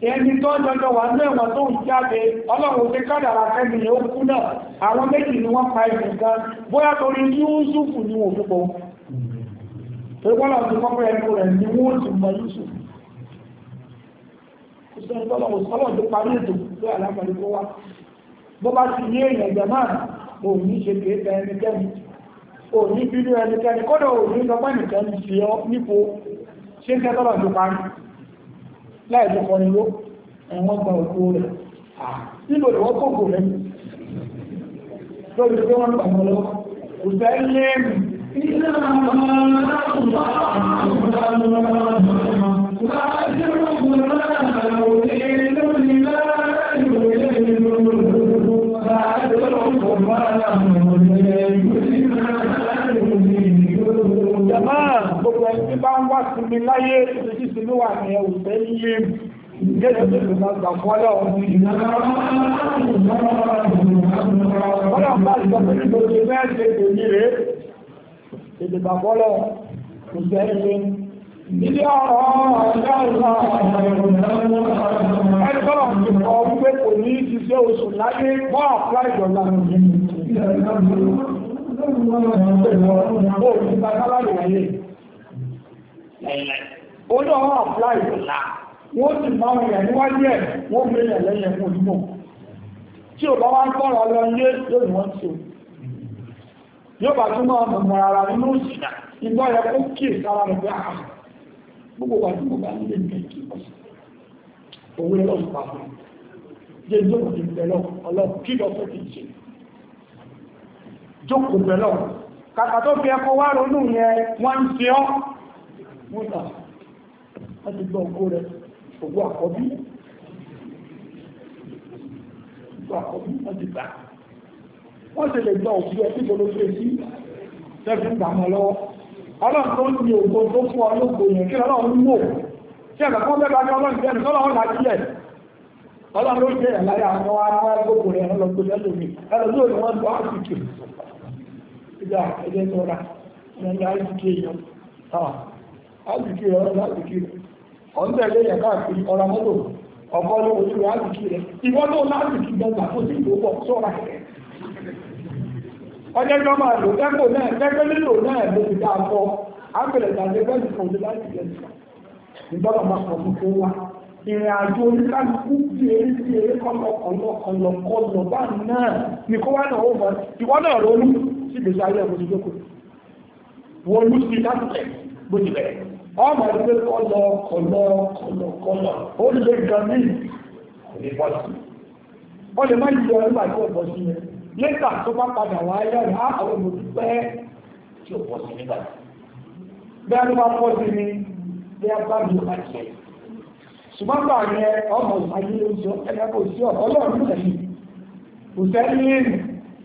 ẹni tó jọjọ wà ní ẹ̀wọ̀n tó ń jáde ọlọ́run ti kádàrà kẹ́mi ó kú náà àwọn méjì ni wọ́n pa ìlú gan bóyá torí yúúsùfù ní ṣe kéèkà bílú ẹnikẹ́ni kọ́dọ̀ ò ní nìkan ti ọ nípo ṣe ń tẹ́tọ́lọ̀ tó láì mú kọrin ló ẹ̀wọ̀n gba òkú rẹ̀ níbo lè kókò rẹ̀ lórí pé wọ́n gbàgbọ́ lọ kò fẹ́ lé Jàmáà gbogbo ẹni bá ń wá sí mi láyé ṣe ló wà ní ẹwù fẹ́ yé gẹ́gẹ́ tó lè máa gbà fún ọlọ́run ọlọ́run bá ti sọ pé kò ṣe bẹ́ẹ̀ ṣe kò ní rèé tètè gbà fún ọlọ́run kò ṣe é ṣe ilé ọ̀rọ̀ ẹni ó apply ìlà wọ́n sì máa ń yẹ̀ níwájú ẹ̀ wọ́n gbé yẹ̀ lẹ́yìn fún ìmọ̀ tí ò bá wá ń tọ́rọ lọ ilé lórí wọ́n tó yóò bá tún máa mọ̀mọ̀ ara nínú ìsìnà ìgbọ́ yẹ kó kí ìsára rẹ̀ pé àà ah, gbogbo wa tí mo nílé nǹkan kí ọ̀sán owó jẹ́ ìjókòó ti bẹ̀lọ́ ọlọ́pù kí wọ́n gbọ́ òkú rẹ̀ àkọ́bí gbà wọ́n lè gbọ́ òkú ẹ̀ tí sí tẹ́fún lọ́wọ́ ọlọ́run tó tó fún ọ yẹn kí ọlọ́run tí kan bẹ́ẹ̀ bá ní ọlọ́run láti ọlọ́run ló jẹ́ ẹ̀láyà àwọn ará gbogbo rẹ̀ ní gbọ́ ìjà ẹgbẹ́ tó rà ní ẹgbẹ́ yẹn ọ̀ntẹ̀lẹ̀ yẹn káàkiri ọ̀rọ̀ mọ́tò ọrụ ló ojú rẹ̀ láti kí rẹ̀ ìwọ́n tó láti kí gbọ́gbà tó sì tó pọ̀ sọ́ra rẹ̀ ọjọ́ ìjọ máa lò tẹ́kọ̀ náà tẹ́kọ̀ lílò náà ló ti dá tàbí láti máa pọ̀ fún fún wa ìrìn àjò oníkálukú eré sí eré bá náà kó wá náà ó náà ọmọ ẹgbẹ́ kọlọ kọlọ kọlọ kọlọ ó lè gan ní ìpínlẹ̀ bọ́sì ó lè má yíyọ nígbà tí ó bọ́sì yẹn lẹ́tà tó bá padà wá yára á àwọn olùdúpẹ́ tí ó bọ́sì nígbà tí bí a ló bá pọ̀ sí ni bí a bá mi máa jẹ ṣùgbọ́n bá yẹn ọmọ ìmáyé ló ń sọ ẹgbẹ́ kò sí ọ̀pọ̀lọ́run lẹ́yìn kò sẹ́yìn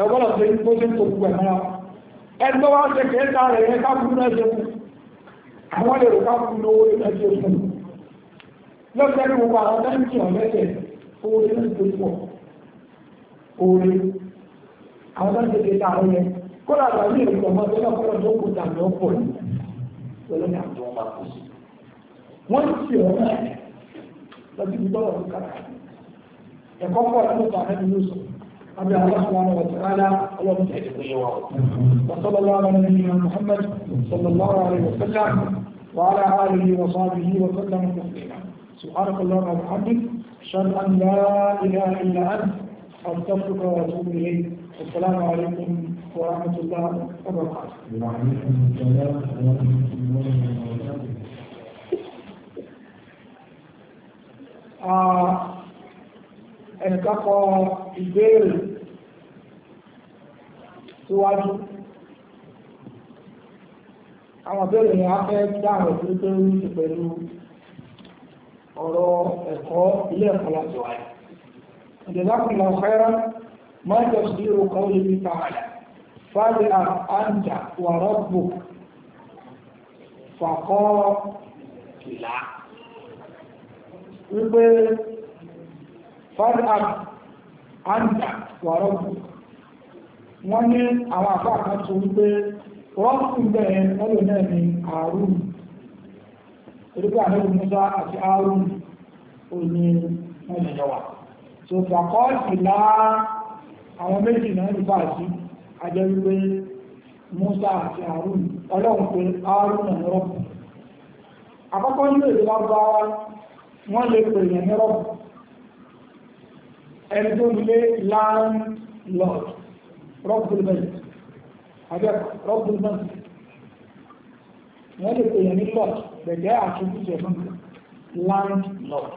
ẹgbọ́dọ̀ tó ń tó gbogbo ẹ̀mọ́ra ẹgbẹ́ wa ṣe kẹta rẹ̀ yẹ káàkiri náà ṣe fún àwọn lè rò káàkiri lówó ní ẹjọ́ lọ́sẹ̀ ní gbogbo àwọn tẹ́ǹtì ọ̀lẹ́sẹ̀ owó ní ní tó pọ̀ oore àwọn tẹ́ǹtì kẹta rẹ̀ yẹ kódà lọ kọ́lọ̀ tó kù tàbí ọ̀pọ̀ yìí lọ́lọ́ni àjọ ọmọ kò sí wọ́n ti ọ̀nà lọ́sibítọ́lọ̀ tó عبد الله سبحانه وتعالى اللهم تعزه وصلى الله على نبينا محمد صلى الله عليه وسلم وعلى آله وصحبه وسلم تسليما سبحانك اللهم وبحمدك أشهد أن لا إله إلا أنت أستغفرك وأتوب إليك السلام عليكم ورحمة الله وبركاته. وعليكم السلام ورحمة الله وبركاته. ẹnìkan kọ ìbéèrè síwájú àwọn ìbéèrè yẹn á fẹ́ dáhùn tó tó ń ṣe pẹ̀lú ọ̀rọ̀ ẹ̀kọ́ ilé ẹ̀kọ́ láti wáyé ìdẹ̀lákùn lọ fẹ́ra máa jọ sí orúkọ olè ní tààlà fáàlì àǹjà wà rọ́pò fàkọ́ ìlà wípé fáàlì àǹjà wà rọ́pò wọ́n ní àwọn àbá kan tó wípé rọ́ọ̀kùn bẹ́ẹ̀ lọ́lọ́ náà ni àárùn orúkọ àdébù musa àti àárùn òní wọn lè lọ́wà tó fàkọ́ ìlà àwọn méjì náà ní fàájì ajẹ́ wípé musa àti àárùn ọlọ́run pé àárùn náà rọ́ọ̀kù àkọ́kọ́ ní èdè lágbára wọ́n lè pè yẹn ní rọ́ọ̀kù ẹni tó ń lé landlord rọ́bùl bẹ́ẹ̀ àbẹ́ rọ́bùl bẹ́ẹ̀ wọ́n lè pè yẹn ní lord bẹ̀gẹ́ àtúntò fún land lord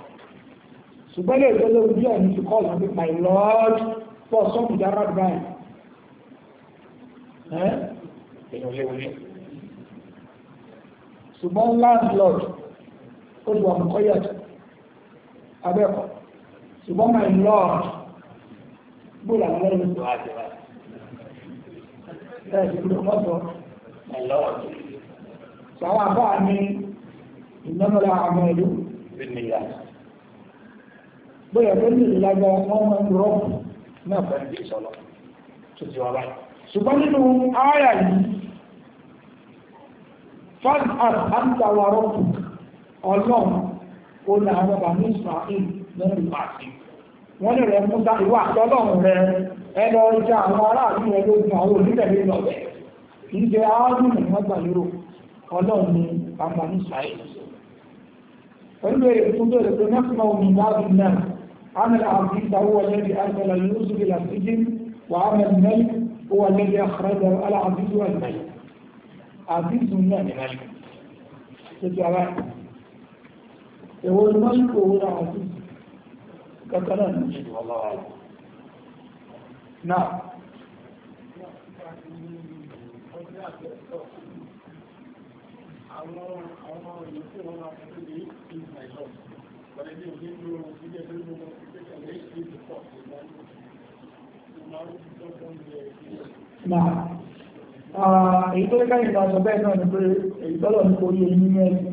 ṣùgbọ́n lè gbé lórí bí ẹni ti kọ́ ọ̀nà bí my lord pọ̀ sọ́ọ̀mù dára báyìí èèyàn léwu ní ṣùgbọ́n land lord ó lù ọ̀nà kọ́yàtọ̀ abẹ́kọ̀ ṣùgbọ́n my lord gbọ́dọ̀ àwọn ọlọ́run tó àjẹ́ báyìí ẹ̀ẹ́dìgbò mọ́tò sàwọn àbá ní ìnáwọ́lá àwọn ìlú bóyá tó ní ìlàgbà ọmọ ìrọ́pù náà pẹ̀lú ìṣọ́lọ́ tó ti wà báyìí ṣùgbọ́n nínú ààyà yìí fún àtàwà rọ́pù ọlọ́run ó ní ẹlọ ọjà àwọn aráàlú rẹ ló gun àwọn onílẹ̀lẹ́ lọ́bẹ̀ kì í ṣe áádùn nìkan gbà lérò ọlọ́run ni bàbá ní sàáyé pẹ̀lú èrè fún bèrè pé mẹ́fà omi báàbí náà عمل عبديس هو الذي أرسل يوسف إلى السجن وعمل الملك هو الذي أخرجه العزيز والملك عزيز من الملك تجارات هو الملك وهو العزيز كتلان نجد والله أعلم náà àwọn àwọn ìlú tí wọ́n máa fi lè fi nàìjọ́ wọ́n lè ní ìlú ilé ìlú gbogbo ìpínlẹ̀ lè fi tó tó ń lè sọ bẹ́ẹ̀ náà ni pé èyí tọ́lọ̀ ní orí èyí ní ẹ̀sìn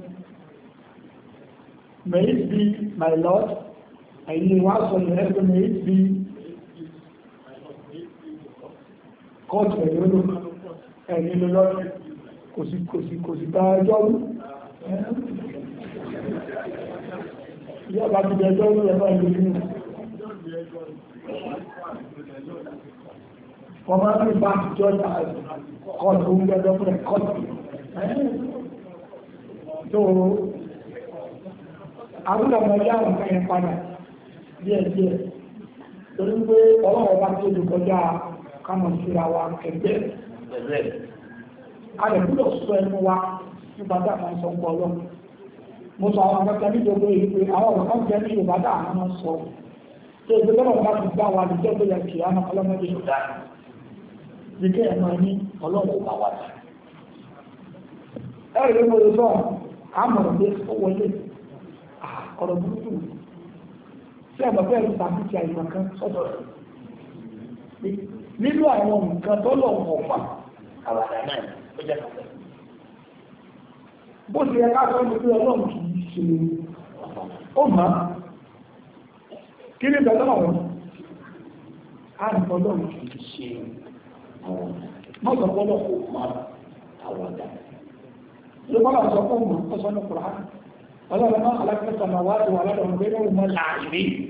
may it be my lord àyè wá sọ ní may it be kọ́ọ̀tù ẹ̀yọ́ ló ẹ̀yìn ló lọ́rùn kò sí kò sí kò sí bá ẹjọ́ rú yóò bá ti ẹjọ́ rú ẹ̀fọ́ ìlú nínú wọ́n máa ń bá àtijọ́ kọ́ọ̀tù ń gbẹ́jọ́ fún ẹ̀ kọ́ọ̀tù tó àwọn ọmọ ìyá nǹkan yẹn padà díẹ̀díẹ̀ torí pé ọlọ́run bá kámọ̀ síra wa ẹgbẹ́ ẹ̀rẹ́ a lè gbúdọ̀ sọ ẹnu wa nípa tá a máa sọ pọ̀ lọ mo sọ àwọn akẹ́kẹ́ nítorí èyí pé àwọn ọ̀rọ̀ kan jẹ́ ní Yorùbá tá a máa sọ tó o bá ti gbá wa ọlọ́mọdé yóò dá ní kí máa ní ọlọ́wọ́ bá wà dá nínú àwọn nǹkan tọ́lọ̀ ọ̀pá àwàdà náà ó jẹ́ kàtẹ́. bó ti ẹ̀ka sọ ní pé ọlọ́run kì í ṣe ó mà á kí ní bẹ̀rẹ̀ lọ́wọ́ á ní ọlọ́run kì í ṣe mọ́tò ọlọ́run kò má àwàdà. ló bá wà sọ fún mi ọ̀sán ní kùrán ọlọ́run náà alákẹ́sọ̀ náà wá sí wàhálà ọ̀gbẹ́ni ọ̀gbẹ́ni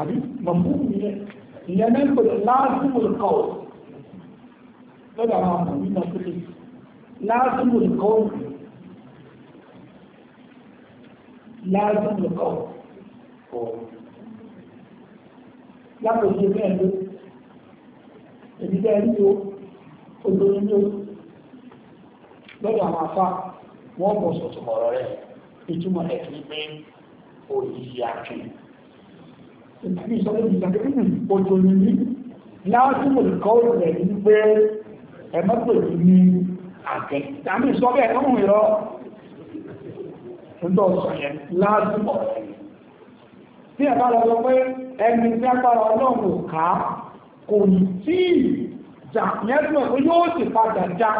àbí mọ̀mú nìyẹn ìyẹn náà kò lè láàzùmù kọ́ lọ́dọ̀ àwọn àmọ̀ nínú ọ̀pẹ̀lẹ̀ láàzùmù kọ́ láàzùmù kọ́ látòjú bẹ́ẹ̀ ló èmi bẹ́ẹ̀ ní o olórin ló lọ́dọ̀ àwọn afá wọ́n bọ̀ sọ̀tùmọ̀rọ̀ rẹ̀ ìtumọ̀ ẹ̀ pé òyìí yá kìí ìdí ìṣọ́lẹ̀ ìṣàkẹ́ òjò ní láásìmò ìkọ́ rẹ̀ ní pé ẹmọ́tò ní àkẹ́ tàbí ìṣọ́bẹ̀ ẹ̀kọ́hùn ìrọ ǹdọ́ ọ̀sọ̀yẹ láásìmò tí ẹ̀bá lọ sọ pé ẹni tí agbára ọlọ́run ká kò tí jà mẹ́tùmọ̀ pé yóò sì padà já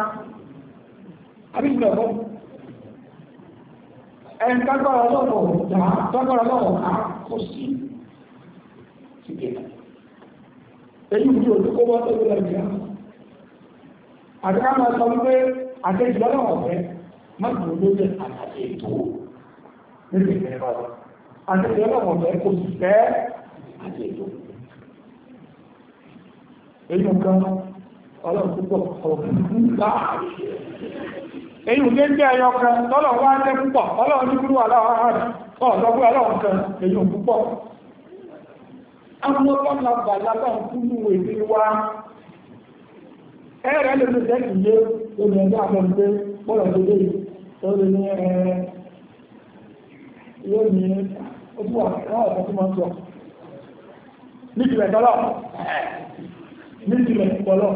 abíjìlẹ̀kọ́ ẹni tágbára ọlọ́run ká kò sí shi ke nan sai yi wuce kó bá tó lọ jẹ àtàkà máa sọ wípé àtẹjù lọ́nà ọ̀fẹ́ má dùn lórí àtàkì ètò nínú ìfẹ́ bá wọn àtẹjù lọ́nà ọ̀fẹ́ kò sì fẹ́ àti ètò èyí nǹkan ọlọ́run púpọ̀ ọ̀rọ̀ nígbà èyí nǹkan jẹ́ ẹyọ kan tọ́lọ̀ wá jẹ́ púpọ̀ ọlọ́run ní kúrú aláwọ̀ ọ̀dọ́gbé ọlọ́run kan èyí nǹkan púpọ̀ amọ́bàlàbà lábàkúrú èdè wa ẹ̀rẹ́ lè fi sẹ́kì yé omi ẹ̀dá àbẹ̀mùgbé bọ́lá gbogbo yìí tó lè ní ẹ̀rẹ́ yóò ní ojú wa láwọn ọ̀sán tó máa ń sọ níjìlẹ̀ tọ́lọ̀ níjìlẹ̀ tọ́lọ̀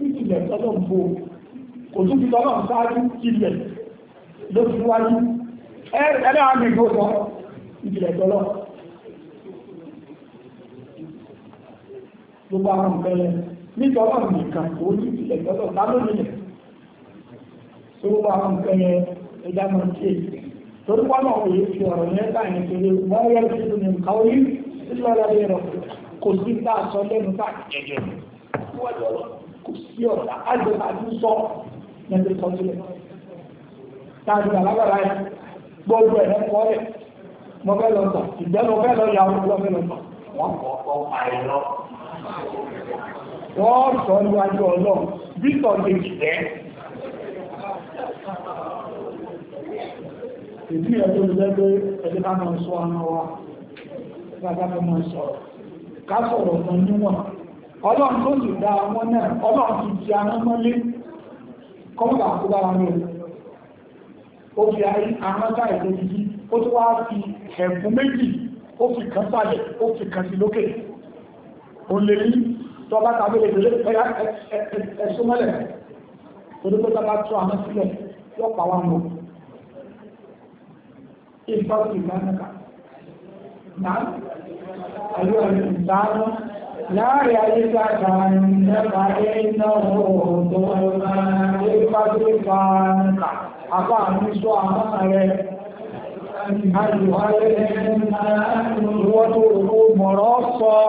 níjìlẹ̀ tọ́lọ̀ ń bo kò tún fi tọ́lọ̀ ń sáájú kílẹ̀ lóṣùwájú ẹ̀rẹ́ àgbègbè ọ̀sán níjìlẹ̀ tọ́lọ̀ gbogbo àwọn ìpẹlẹ nítorọ̀ nìkan kò ní ìpìlẹ̀ tọ́lọ̀ tá ló tó gbogbo àwọn ìpẹlẹ ẹja mọ̀ sí èyí torí wọn náà wòye fi ọ̀rọ̀ yẹn báyìí nítorí wọ́n yẹ kí ló ní nǹkan orí kò sí a sọ lẹ́nu jẹjẹ kò sí sọ a yẹn ẹ̀ kọ́ ẹ̀ ìgbẹ́ wọ́n sọ níwájú ọlọ́run bí sọ lè jẹ́ ìdí ẹ̀tọ́ ìlẹ́gbẹ́ ẹ̀dẹ́ ká sọ ara wa lágbàtà máa sọ̀rọ̀ ká níwọ̀n ọlọ́run tó sì dá wọn náà ọlọ́run ti aná mọ́lé kọ́mọ̀lá bára ní ó fi ó fi kan ó fi kan sí lókè òun lè rí tó bá tàbí lè tẹ̀lé ẹ̀sùn mọ́lẹ̀ torí pé tábà tó àwọn sílẹ̀ yóò pa wá mọ́ ìfọ́ sí ìgbàlẹ́ka náà àyọ̀ ìdáná láàrin ayé sáàkà nípa iná òòrùn tó ìfọ́ sí ìgbàlẹ́ka àbá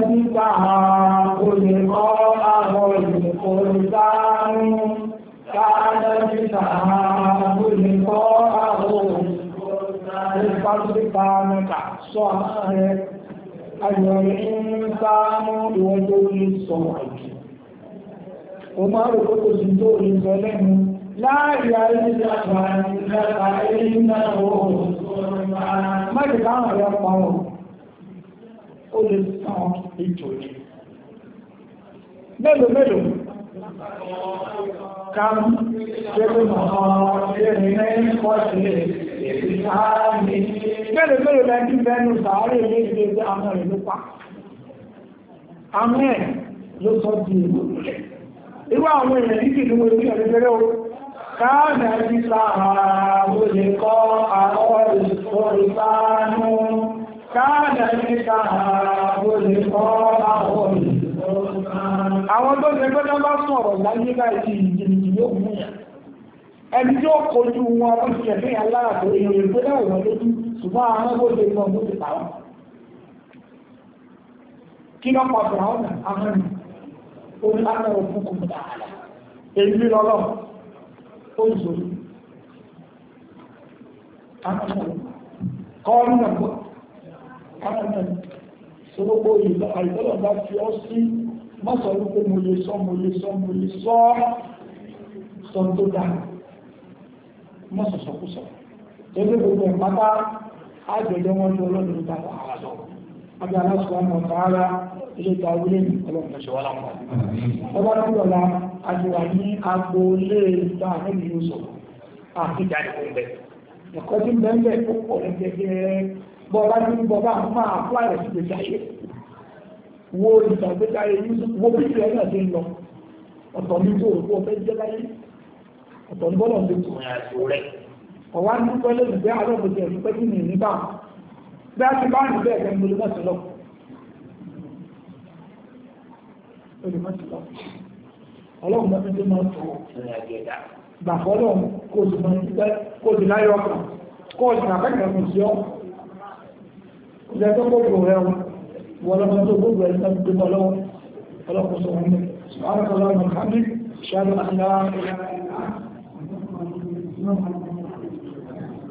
بها خلقاء القرآن كان بها خلقاء بفضلك صاحب أيها الإنسان يدل الصواب وما ركض صندوق الظلم لا يلزمنك إنه ما تدعى يا قوم ó lè sàn ètò ní mélòó mélòó kan jẹ́gbẹ́ mọ̀ọ́ ẹ̀rìn mẹ́rin pọ̀ sílẹ̀ èsì sáàmì mélòó mélòó lẹ́bí bẹ́nu sàárè ní ilé ìgbé àmọ́ ìlú pa àmọ́ ẹ̀ ló sọ di ìlú irú àwọn èèyàn yìí kìí wọ́n ní ẹ̀rẹ́gẹ́rẹ́ o káàmì àti sàárà olè kọ́ àwọn ìfòrìsánú Àwọn tó ṣe gbọ́dọ̀ bá sọ̀rọ̀ láyé láti ìjìnlẹ̀ yóò mú yà. Ẹni tí ó kojú wọn ó ṣẹ̀ ní alára tó ìrìn ìgbélẹ̀ ìwọ̀n lójú ṣùgbọ́n àwọn ó lè mọ̀ mú ti pàwọ́. Kí lọ pọ̀ bọ̀ ọ̀nà amẹ́rin, ó ní lára òkú kò dáadáa. Èyí lọ́lọ́, ó zòrò. Kọ́ ọ́nà gbọ́ kárànà tí ó gbó àìtọ́lọ̀ bá fi ọ́ sí mọ́sọ̀ wípé mo lè sọ mo lè sọ mo lè sọ sọ tó dá mọ́sọ̀ sọkúsọ ẹgbẹ́ gbogbo ìpátá àjọ̀dọ̀ wọn ní ọlọ́run bá wà á lọ abẹ́ aláṣọ àwọn ọ̀tá ara ilé ìta orílẹ̀ ní ọlọ́run tó ṣe ọba tó lọ́la àjọwà bọ̀ọ̀bá ní bọ̀ọ̀bá máa apply rẹ̀ sí gbèsè ayé wo ìtàgbéga èyí wo bí ìrẹ́ náà ti ń lọ ọ̀tọ̀ ní tó òkú ọ̀fẹ́ jẹ́ láyé ọ̀tọ̀ ní bọ́lọ̀ ti tù rẹ̀ ọ̀wá ní pẹ́lẹ́ ìgbé alọ́gbèsè ẹ̀mí pẹ́ kí ni níbà bí a ti bá ní bẹ́ẹ̀ kẹ́ mbolo náà ti lọ. ọlọ́run bá fi dé máa tó gbàgbọ́ lọ́run kó o sì máa ń pẹ́ kó o sì láyọ̀ ọkàn kó o sì máa fẹ́ kẹ́ إذا كان بطل غير ولا مطلوب ولا مطلوب ولا ولا مطلوب سبحانك اللهم وبحمدك أشهد أن لا إله إلا أنت